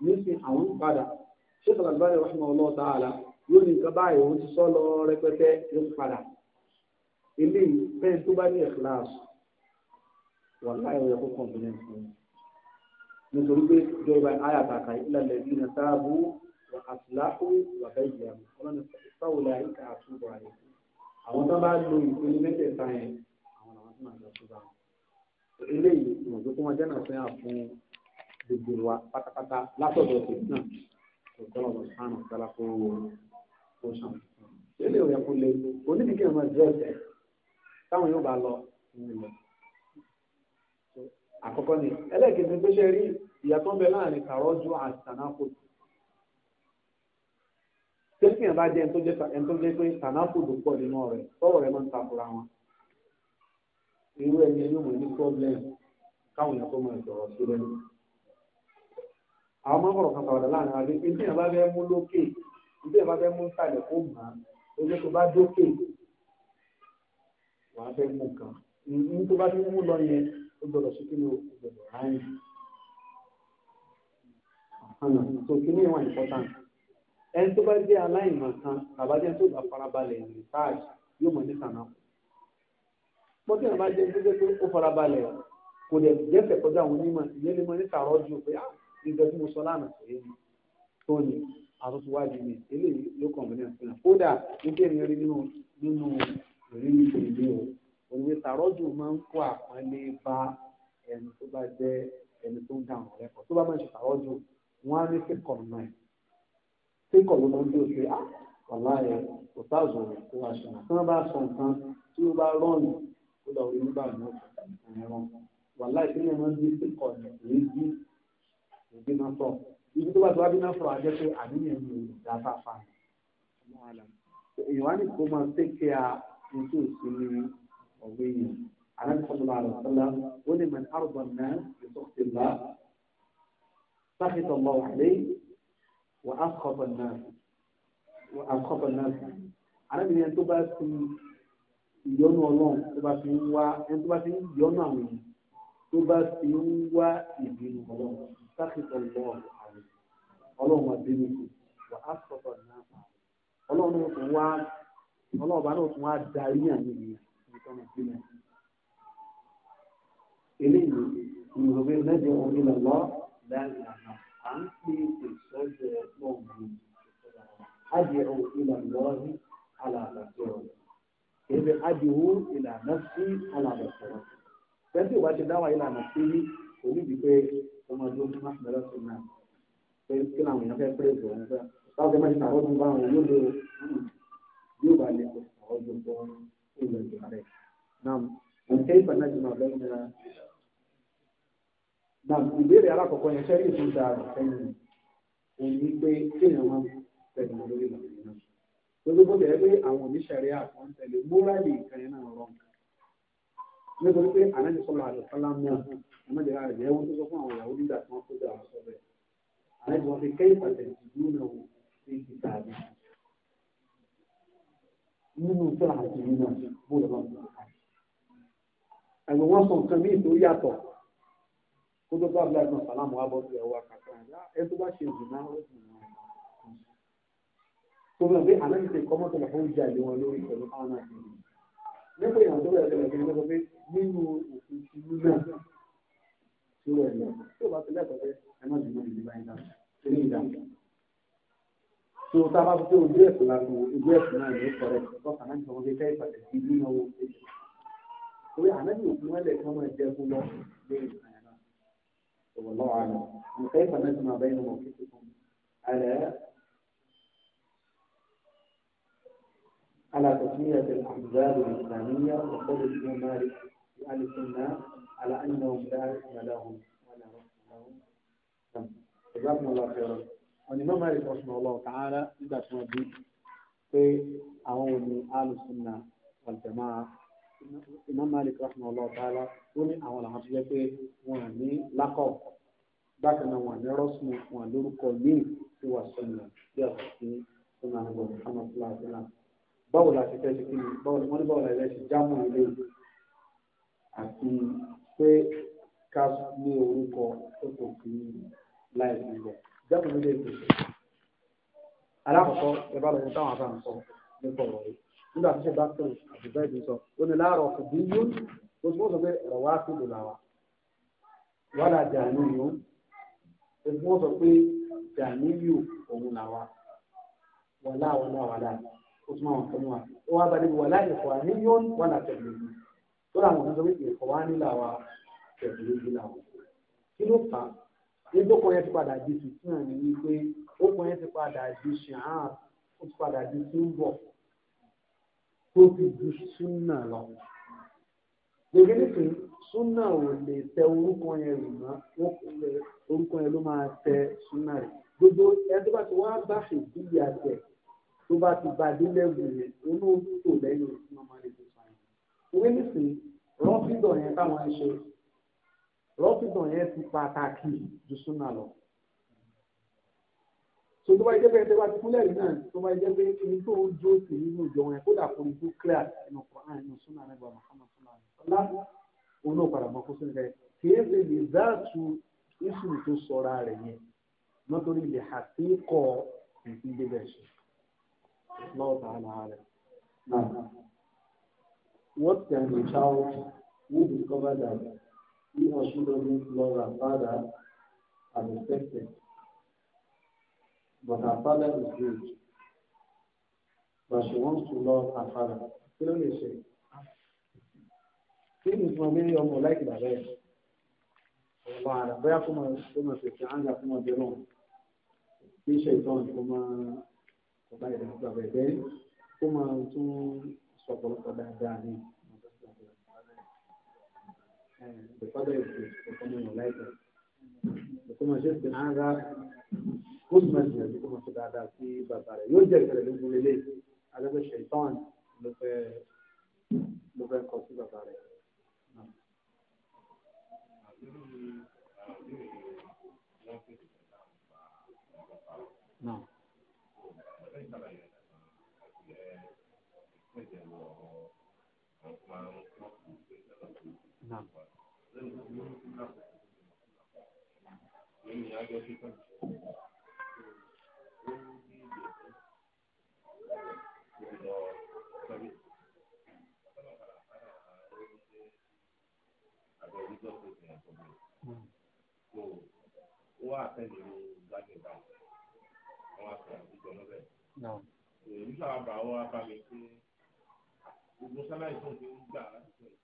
S1: nísìn àwọn ń padà ṣé sàlàbàdà rahma Allah ta'ala yóò ní nǹkan báyìí òun ti sọ lọ rẹpẹtẹ ló ń padà eléyìí bẹ́ẹ̀ tó bá ní ẹ̀kíláàsì wà láì ọ̀yọ́ kó kọ̀ǹpínẹ̀ fún nítorí pé ìjọba ayàtàkà ìlànà ìdílé táàbù wà àtìláhù wà bẹ́ẹ̀ eléyìí mo fi kó wọn jẹ́nà fún yà fún gbogbo wa pátápátá látọ̀dọ̀ sí náà kò tọ́lọ̀ lọ sánà sálá kó kó sàn. eléyìí ò yẹ kó lé oníbi kí ọmọ dírẹ́sì ẹ̀ táwọn yóò bá lọ ìwé lọ. àkọ́kọ́ ni ẹlẹ́ẹ̀kejì pé ṣe rí ìyàtọ̀ ń bẹ láàrin kàrọ́jú àti tànáfò. tẹ́sí yẹn bá jẹ́ ẹni tó jẹ́ pé tànáfò ló pọ̀ nínú ọ̀rẹ́ tọ́wọ̀ rẹ̀ máa ń takura wọn irú ẹni yóò mọ̀ ní problem káwọn èèyàn tó mọ̀ ìsọ̀rọ̀ sí lẹ́nu. àwọn mọ́kànlá kan pàdé láàrin adé pé tí èèyàn bá fẹ́ mú lókè tí èèyàn bá fẹ́ mú sàlẹ̀ kó mà á ojú tó bá dókè wàá fẹ́ mú kan ní tó bá fi mú lọ yẹn ó gbọdọ̀ sí kíni o gbọdọ̀ ráyìn. ọ̀nà tó kíní ìwọ̀n important ẹni tó bá jẹ́ aláìmọ̀ kan tàbájẹ́ tó bá farabalẹ̀ ní sáàjì yóò mọ̀ ní sànà bọ́tí ẹ̀ máa jẹ́ gbígbé pé ó fara balẹ̀ kò dẹ̀ jẹ́sẹ̀ kọjá àwọn onímọ̀ ìyẹn lè mọ ní tààrọ́ ju pé á ah, ìjọ tí mo sọ lánàá kò yé mi tó ní àtúntúwájú mi eléyìí ló kàn mí ní àfihàn kódà nígbà èmi rí nínú nínú ìrírí ìrírí o òwe tààrọ́ ju máa ń kó àpọ́nlé bá ẹni tó bá jẹ́ ẹni tó ń dà wọ́n lẹ́kọ̀ọ́ tó bá máa ń ṣe tààrọ́ wọ́n á ní ah, síkọ̀ náà ẹ̀ kò sáàzù kó ó lọ rí nígbà náà ẹran wà láì sílẹ̀ máa ń bí síkọ̀ ní bí òbí náà sọ ibi tó bá ti wá bí náà sọ àjẹ́ pé àníyàn mi ò dá fáfá èèyàn wá ní kó máa tẹ́kẹ́ a ní tó sí ní ọ̀gbẹ́ yẹn aláǹkó sọ̀rọ̀ àrùn sọ́lá ó ní mẹ́ta àrùbọ̀ náà ìsọ̀tì bá sáfìtọ̀ lọ́wọ́ àlẹ́ wà á kọ́ náà wà á kọ́ bọ̀ náà arábìnrin tó bá ti ìyọ́nú ọlọ́run tó bá fi ń wá ẹni tó bá fi ń yọ́nú àwọn èèyàn tó bá fi ń wá ìbínú ọlọ́run sáfìtọ̀ lọ àrùn ọlọ́run máa bínú
S2: kù wà á sọ̀tọ̀ náà
S1: ọlọ́run náà tún wá ọlọ́run bá náà tún wá darí àwọn èèyàn
S2: ní tọ́nà sílẹ̀
S1: eléyìí ìròyìn lẹ́jọ́ wọn ní lọ́wọ́ láàrin àná à ń pè é sọ́jọ́ ẹ̀gbọ́n mi àjẹ́ òun ní ní àlàáfíà ọ̀rọ̀ èmi adìhú ìlànà nasi ala sọ̀rọ̀ pẹ́ńtì ò bá ṣe dáwà ìlànà sí kò ní ìdípé ọmọdé ó má fẹ́rẹ́ sí náà pé kí làwọn èèyàn fẹ́ péré ìbò wọn fẹ́ báwo ṣe máa ṣe àwọn ọdún báwọn yóò lè hmm, yóò bá lè kó àwọn ọdún tó ń lò jù rẹ̀ náà nǹkẹ́ ìfànàjì náà lẹ́yìn náà náà ìbéèrè alákọ̀ọ́kọ́ yẹn fẹ́ẹ́ rí ìfúnta rẹ̀ fẹ́yìn òní pé kéèyàn máa pé àwọn oníṣẹ̀rí àkàn tẹ̀lé mórálì nǹkan yẹn náà rọrùn nítorí pé ànájì sọlá àdùsálà náà ànájì rà rẹ̀ wọ́n tó sọ fún àwọn ìyàwó nígbà tí wọ́n kó dà sọ bẹ́ẹ̀ ànájì wọn fi kẹ́ ìpàtẹ ìdúró náà wò sí ìta àbí nínú tó àti nínú bóyá wọn kò ká ẹgbẹ́ wọn sọ nǹkan míì tó yàtọ̀ kó tó bá bá ẹgbẹ́ sọ́dọ̀ pé àlejò ṣe kọ́mọ́tò lọ́kọ́ ìjà lé wọn lórí pẹ̀lú káwọn náà ṣe. nípa ìyàn tó bẹ̀rẹ̀ lọ́kọ́ ìjọba pé nínú òfin ti ní náà tí ó rẹ̀ lọ tí ó bá ti lẹ́kọ̀ọ́ pé ẹ má dùn lórí ìdíbà ìdá tó ìdá. tó tá a bá fún ojú ẹ̀sùn láti wo ojú ẹ̀sùn náà ló sọ̀rọ̀ ẹ̀kọ́ sàmájì sọ pé fẹ́ على تسمية الأحزاب الإسلامية وقول الإمام مالك أهل السنة على أنهم لا اسم لهم
S2: ولا رسم
S1: لهم جزاكم الله خيرا الإمام مالك رحمه الله تعالى إذا تودي في أهون أهل السنة والجماعة الإمام مالك رحمه الله تعالى وني أهون عطية وأني لقب bákan náà wọn ní rọ́ọ̀sùn wọn في السنة. يا wàá سنة محمد صلى الله عليه وسلم. báwo la ṣe fẹ́ ṣe kíni báwo wọ́n ní báwo la ṣe jámù ilé àti pé ká ní orúkọ tó tó fi láì sí ilẹ̀ jámù ilé tó ṣe. alákọ̀ọ́kọ́ ẹ bá lọ́wọ́ táwọn afáàn sọ nípa ọ̀rọ̀ yìí nígbà tó ṣe bá tó àbùbá ìdí sọ ó ní láàárọ̀ kò bí yó o tí wọ́n sọ pé ọ̀rọ̀ wá sí ìdòlà wa wọ́n là jà ní yó o tí wọ́n sọ pé jà ní yó òun là wa wọ́n lá wọ́n lá wọ́n lá. Usman Kumuwa ó wá bá níbi wàlá ìfọ̀ àníyàn wọn là tẹ̀lé mi tó làwọn ọ̀nà sọ́wọ́ ìfọ̀ wá nílà wa tẹ̀lé mi làwọn. Kí ló fà á? yẹn ti padà di tuntun àná ni pé ókùn yẹn ti padà di ṣàn ó ti padà di túnbọ̀ tó fi ju súnà lọ. Gbèsè nísìnyí súnà ò lè tẹ orúkọ yẹn rì mọ́ wọ́n kò orúkọ yẹn ló máa tẹ súnà rẹ̀. Gbogbo ẹni bá ti wá bá ṣèdíyà tẹ̀ tó bá ti gba délẹ́wù yẹn ló ń tò lẹ́yìn tí wọ́n máa lè fi fa yẹn. òwe nísìnyí rọ́fídọ̀ yẹn táwọn ń ṣe rọ́fídọ̀ yẹn ti pàtàkì ju súnà lọ. tó tó bá jẹ́ pé ẹgbẹ́ wa ti kúnlẹ̀ náà tó bá jẹ́ pé ẹni tó ń jó sí nínú ìjọ yẹn kódà kò ní tó clear nínú Kùránì nínú súnà nígbà Muhammad súnà nígbà òun náà padà mọ́ kó sínú ẹ̀ kì í ṣe lè dáàtú ìṣù tó sọra rẹ̀ yẹn mọ́tò ní àti ikọ̀ ìdílé bẹ̀ ṣe. الله تعالى أعلم. Now, what can a child who discovers that he or she doesn't love her father and respect him, but her father is rich, but she wants to love her father? Kí ló lè ṣe? Kí ni ìfúnmọ́ mi ọmọ láìkí bàbá ẹ̀? Ọmọ àrà bóyá kó máa ṣe kí áńgà kó máa jẹ náà. Kí ṣe ìtọ́ni kó máa ọba ìdá tó bàbá ẹgbẹ́ ó máa tún sọ ọ̀pọ̀lọpọ̀ dáadáa ní ìfọdọ̀ ìfẹ́ ọ̀pọ̀lọpọ̀ mọ̀ láìpẹ́ ìfọdọ̀ máa ṣe ìsìn ara ó sì máa jìnà sí kó máa ṣe dáadáa sí bàbá rẹ̀ yóò jẹ́ ìfẹ́lẹ̀ lógún lélẹ̀ adájọ́
S2: No. So, wọ́n àtẹ́lẹ̀ ní gbàgbẹ́ báyìí. Wọ́n àtẹ́lẹ̀ àdúgbò lọ́bẹ̀. Èyí sábà wọ́n á bá mi pé gbogbo sáláì tó ń gbà láti sọ̀rọ̀.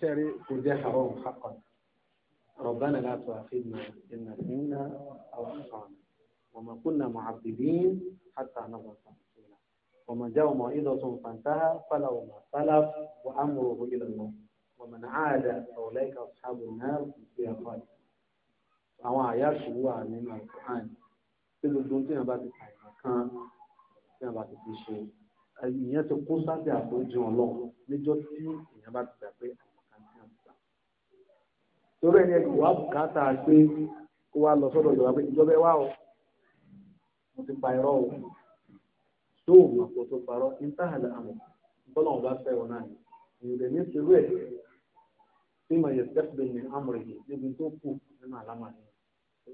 S1: شعري آه، وجاه حرام حقا ربنا لا تؤاخذنا إن نسينا أو أخطأنا وما كنا معذبين حتى نظر ومن جاء موعظة فانتهى فله ما سلف وأمره إلى الله ومن عاد فأولئك أصحاب النار فيها خالد àwọn àyàṣù wà nínú alukur'an tí gbogbo tí wọn bá ti pàìmọ̀ kan tí wọn bá ti fi ṣe ìyẹn ti kó sábẹ́ àforíjì Ọlọ́run níjọ́ tí èèyàn bá ti gbà pé àwọn kan tí wọn ti gbà. torí ẹni ẹgbẹ́ wa bùkátà pé kó wa lọ sọ́dọ̀ ìjọba pé ìjọba ẹ wá o mo ti pa irọ́ o tó o mọ̀ kó tó parọ́ intahala amọ̀ bọ́lọ́wọ́n bá fẹ́ wọn náà ni ìrẹ̀ ní ṣerú ẹ̀ tí mà yẹ sẹ́fẹ̀ ní amọ̀rẹ̀ yìí níbi tó kù nínú àlámà ni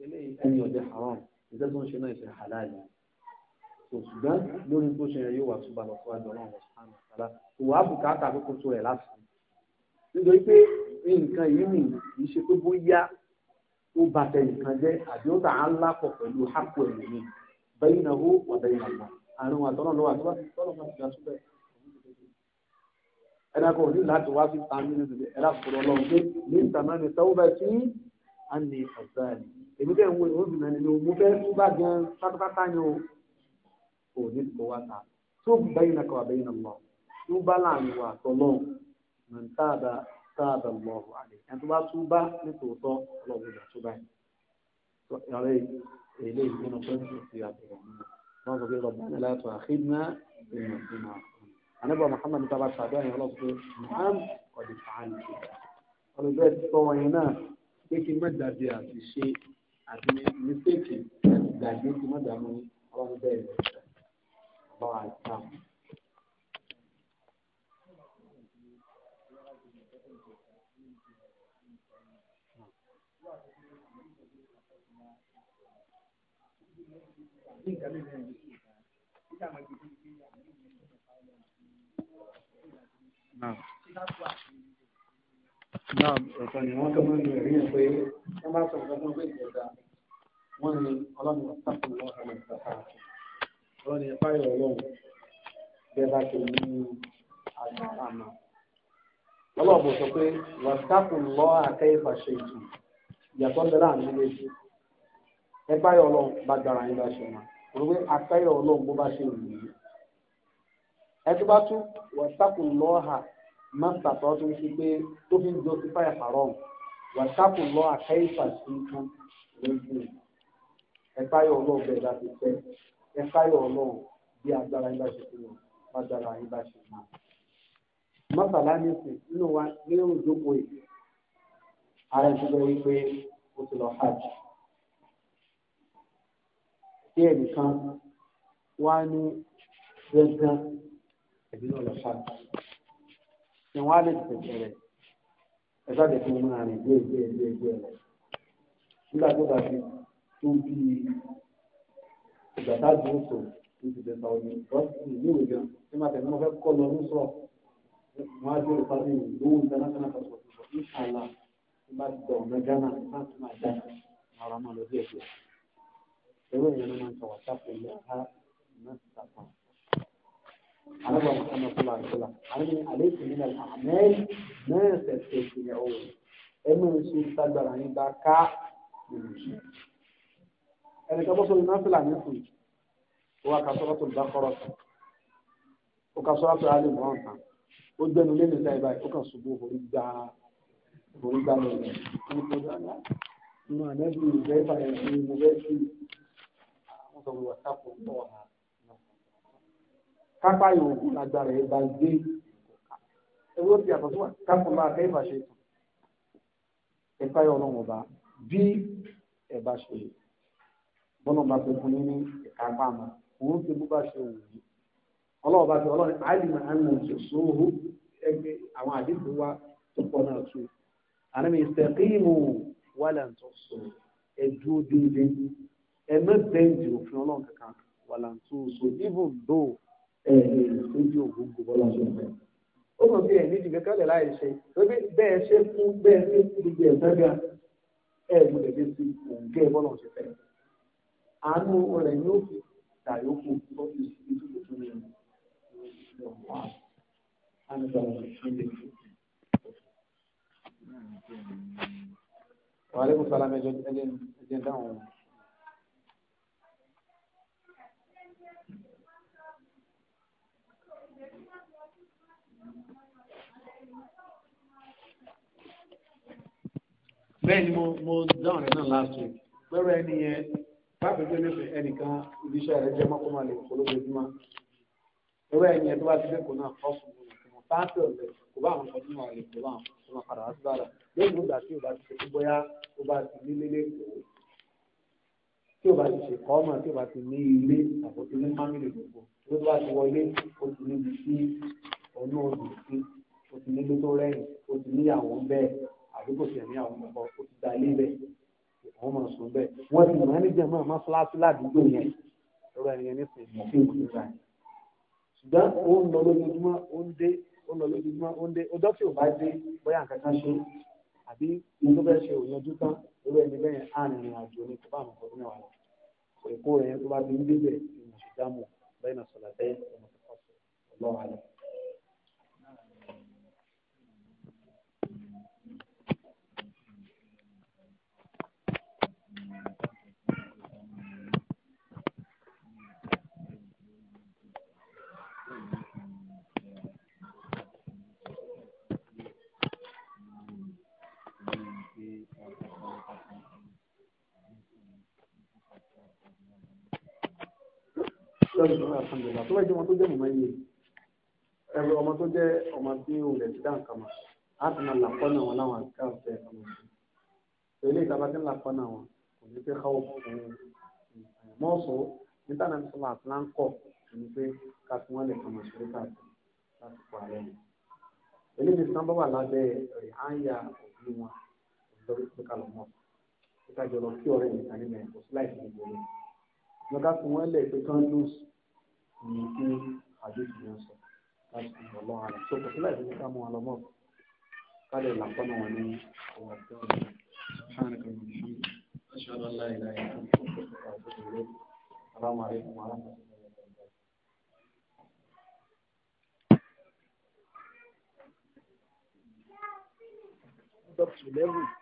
S1: eléyìí ẹni ọ̀jẹ̀ haram ìjẹ́ tó ń ṣe náà ìṣe halal kò ṣùgbọ́n lórí tó ṣe yẹn yóò wà túbà lọ síwájú ọlọ́run ọ̀sán àtàlà kò wá bùkátà àkókò tó rẹ̀ lásán nítorí pé nǹkan yìí nì í ṣe pé bóyá ó bàtẹ̀ nǹkan jẹ́ àbí ó tà á lápọ̀ pẹ̀lú hápò ẹ̀mí àrùn àtọ́nà lọ́wọ́ àtọ́nà
S2: tọ́nà máa ti dá síbẹ̀
S1: ẹ̀dá kò ní láti wá sí tàmí nínú ẹ̀ ẹ̀dá kò lọ́wọ́ pé ní ìtàmá ni tọ́wọ́ bá ti á ní ọ̀sẹ̀ rẹ̀ èmi kẹ́ ń wo ìwọ́n bìnrin ni mo fẹ́ tún bá gan pátápátá yẹn o kò ní kò wá ta tó bẹ́yìn náà kọ́ àbẹ́yìn náà lọ tó bá láàrin wà tọ́lọ́ mọ̀ táàbà táàbà lọ́wọ́ àlè ẹ̀ tó bá tún bá nítòótọ́ ọlọ́run ìgbà tó báyìí ọ̀rẹ́ ilé ìgbóná pẹ́ńtì sí àbẹ̀wò náà wọ́n sọ pé rọ̀bánà látọ̀ àkídínà ìmọ̀ ìmọ̀ anábọ̀ muhammadu tàbá sàdọ́ àyàn ọlọ́pù pé muhammad
S2: ọ̀dì fàánì
S1: ọlọ́gbẹ́ tọ́ wọn yẹn náà pé kí má dàbí àti ṣe àti mísíkì dàbí kí má dàbí ọlọ́gbẹ́ ìrẹsẹ̀ ọlọ́wà ìsàmù
S2: náà ọ̀tọ̀
S1: ni wọ́n tó máa ń lo ẹ̀rí ẹ̀ pé wọ́n bá sọ̀rọ̀ lọ́gbọ́n pé ìjọba wọ́n ní ọlọ́run pàtàkì wọn àmì ìgbàta wọ́n ní báyọ̀ ọlọ́run bẹ́ẹ̀ bá ṣe ní àmà àmà ọlọ́ọ̀bù sọ pé wàtàkù lọ àkẹ́ ìfàṣẹ ìtù ìyàtọ̀ bẹ́ẹ̀ láàrin méjì ẹ báyọ̀ ọlọ́run bá gbára yín bá ṣe wọn. òwe àtẹ́yọ̀ ọlọ́run bó bá ṣe wù yí. ha bá tún wàsápù tobi mástà tó tún sí pé tó fi ń jọ sí fáyà pàrọ̀ wàsápù lọ́ọ̀hà kẹ́yìfà tuntun lójú ẹ̀káyọ̀ ọlọ́run bẹ̀rẹ̀ láti fẹ́ ẹ̀káyọ̀ ọlọ́run bí agbára ara tí ẹnìkan wá ní gbẹngàn ẹbí náà lọ sáà ni wọn á lè tẹsẹ̀ rẹ̀ ẹ̀ka tẹsí ní máa rìn díẹ̀ díẹ̀ díẹ̀ díẹ̀ rẹ̀ nígbà tó bá fi tó bí ìgbà tá a dùn sọ ní ti tẹsà òní lọ́sìn ìlú ìwé gan ní máa tẹ̀lé wọn fẹ́ kọ́ lọ ní sọ wọn á jẹ́ ìpàdé ìlówó international passport ní sàlá ti dọ̀ ọ̀nà Ghana ní ti máa Ghana ọ̀rọ̀ máa lọ díẹ̀ díẹ̀ irú èèyàn ló máa ń sọ wàsápù ní ọ̀há
S2: mẹ́sàkàn. Àlọ́bà Mùsùlùmí Sọlá Sọlá,
S1: àwọn ní àlékún nínú àmẹ́rì mẹ́rẹ̀ẹ̀sẹ̀ tó ti yẹ owó. Ẹ mú ìṣe ìtagbára yín bá ká nínú ìṣe. Ẹnì kan bọ́sọ̀ iná fìlà ní sùn, ó wá kasọ́rọ́ tó bá kọ́rọ́ sùn. Ó kasọ́rọ́ tó alẹ́ mọ́ ọ̀tàn. Ó gbẹnu lé nìta ìbáyìí, ó kàn ṣubú orí gbá orí gbá lọ rẹ̀. ní kó dáná. Mo àná sọ̀rọ̀ wàsápù pọ̀ ọ̀nà kápá ìwòkú lágbára ẹ̀ bá gbé ẹgbẹ́ ti àtọ̀tún wà kápọ̀ máa fẹ́ ìbáṣe tù ẹ̀ka yọ̀ ọ̀nà ọ̀bá bí ẹ̀ bá ṣe bọ́nà bá fẹ́ fún yín ní ẹ̀ka bá mọ̀ òun ti bú bá ṣe wù yí ọlọ́wọ́ bá ṣe ọlọ́rin àìlìmọ̀ àìlìmọ̀ ṣe sóhó ẹgbẹ́ àwọn àdéhùn wa tó pọ̀ náà tù àrẹ́mi ìsẹ̀kíìmù wàlẹ̀ tó sọ ẹ̀dúró déédéé ẹ má bẹ́ǹdì òfin ọlọ́run kankan wà láǹtó so even though ẹ lè lójú ògógó bọ́lá ṣe fẹ́. ó kàn sí ẹ̀mí ìdìbò kálẹ̀ láì ṣe pé bẹ́ẹ̀ ṣe fún bẹ́ẹ̀ ní gbogbo ẹ̀fẹ́ ga ẹ̀ mú lẹ́gbẹ́ sí òǹgẹ́ bọ́lá ṣe fẹ́. àánú rẹ̀ ni ó fi dàyókù
S2: tó fi ìtúkù tó ní ọ̀pá
S1: Wa alaikum salaam ẹjọ́ ẹjẹ́ dáhùn.
S2: bẹ́ẹ̀ ni mo mo
S1: dáhùn rẹ̀ náà last week pẹ́rẹ́ ẹni yẹn pápẹ́jọ́ nífẹ̀ẹ́ ẹnìkan ìdíṣẹ́ rẹ̀ jẹ́ mọ́kọ́ máa lè kó lójoojúmọ́ ẹwẹ́ ẹni ẹ̀ tó bá ti dẹ́kun náà kọ́ fún mi kò bá ń tẹ̀ ọ̀lẹ̀ kò bá àwọn ọdún náà lè kó bá àwọn ọmọ padà wá sí dára lẹ́yìn ìgbà tí o bá ti ṣe bóyá o bá ti ní lélẹ́
S2: tí o bá ti ṣe kọ́ ọmọ
S1: tí o bá ti ní ilé àbò tí ní fámìlì gbogbo tí o bá ti wọlé o ti níbi sí ọ̀nà òdì sí o ti nílé tó rẹ́yìn o ti níyàwó bẹ́ẹ̀ àdúgbò sì ní àwọn ọmọ ó ti da ilé bẹ àwọn ọmọ sùn bẹ wọn ti máa ń jẹ mọ àmọ́ fúláṣí ládùúgbò yẹn lọrọ ẹnìyẹn ní sèé mọ fíìmù nígbà yẹn ṣùgbọ́n ó ń lọ lójoojúmọ́ ó ń dé ó ń lọ lójoojúmọ́ ó ń dé ọjọ́ tí ò bá dé bóyá nǹkan kan ṣe àbí ohun tó ṣe ò yanjú tán lórí ẹni bẹ́yẹn àrìnrìn àjò ni kò bá àwọn ọmọ ọdún mẹ́wàá lọ èkó rẹ̀ yẹn tó bá tó bá jẹ́ ọmọ tó jẹ́ mọ̀mọ́ yìí ẹ̀rọ ọmọ tó jẹ́ ọmọ tí ò lẹ̀ dá nǹkan mọ̀ á ti máa làpọ́ náà wọn láwọn àti
S2: káàfẹ́ ọmọ yìí
S1: tó ilé ìta bá ti ń làpọ́ náà wọn kò ní pé káwọ́ fún un mọ́ọ̀sọ́ níta náà sọ máa plan kọ̀ ní pé ká fi wọ́n lè kọ́ máa ṣeré káàkiri
S2: lásìkò ààrẹ yìí
S1: eléyìí sábà wà lábẹ́ àyà òbí wọn lórí pé ká lọ mọ́ọ̀sọ́ ìtajà lọ sí ọ̀rẹ́ nìkan nínú ẹ̀ kò sí láì fi ìbò rẹ̀ ìjọba fún wọn lẹ̀ pé kán lóṣù ní kí àdéhùn yẹn sọ láti fi ọlọ́ ara tó kò sí láì fi ká mú wọn lọ mọ́ kálẹ̀ làpọ́nà wọn ní
S2: ọwọ́ àti ọ̀rẹ́ السلام عليكم ورحمة الله up to 11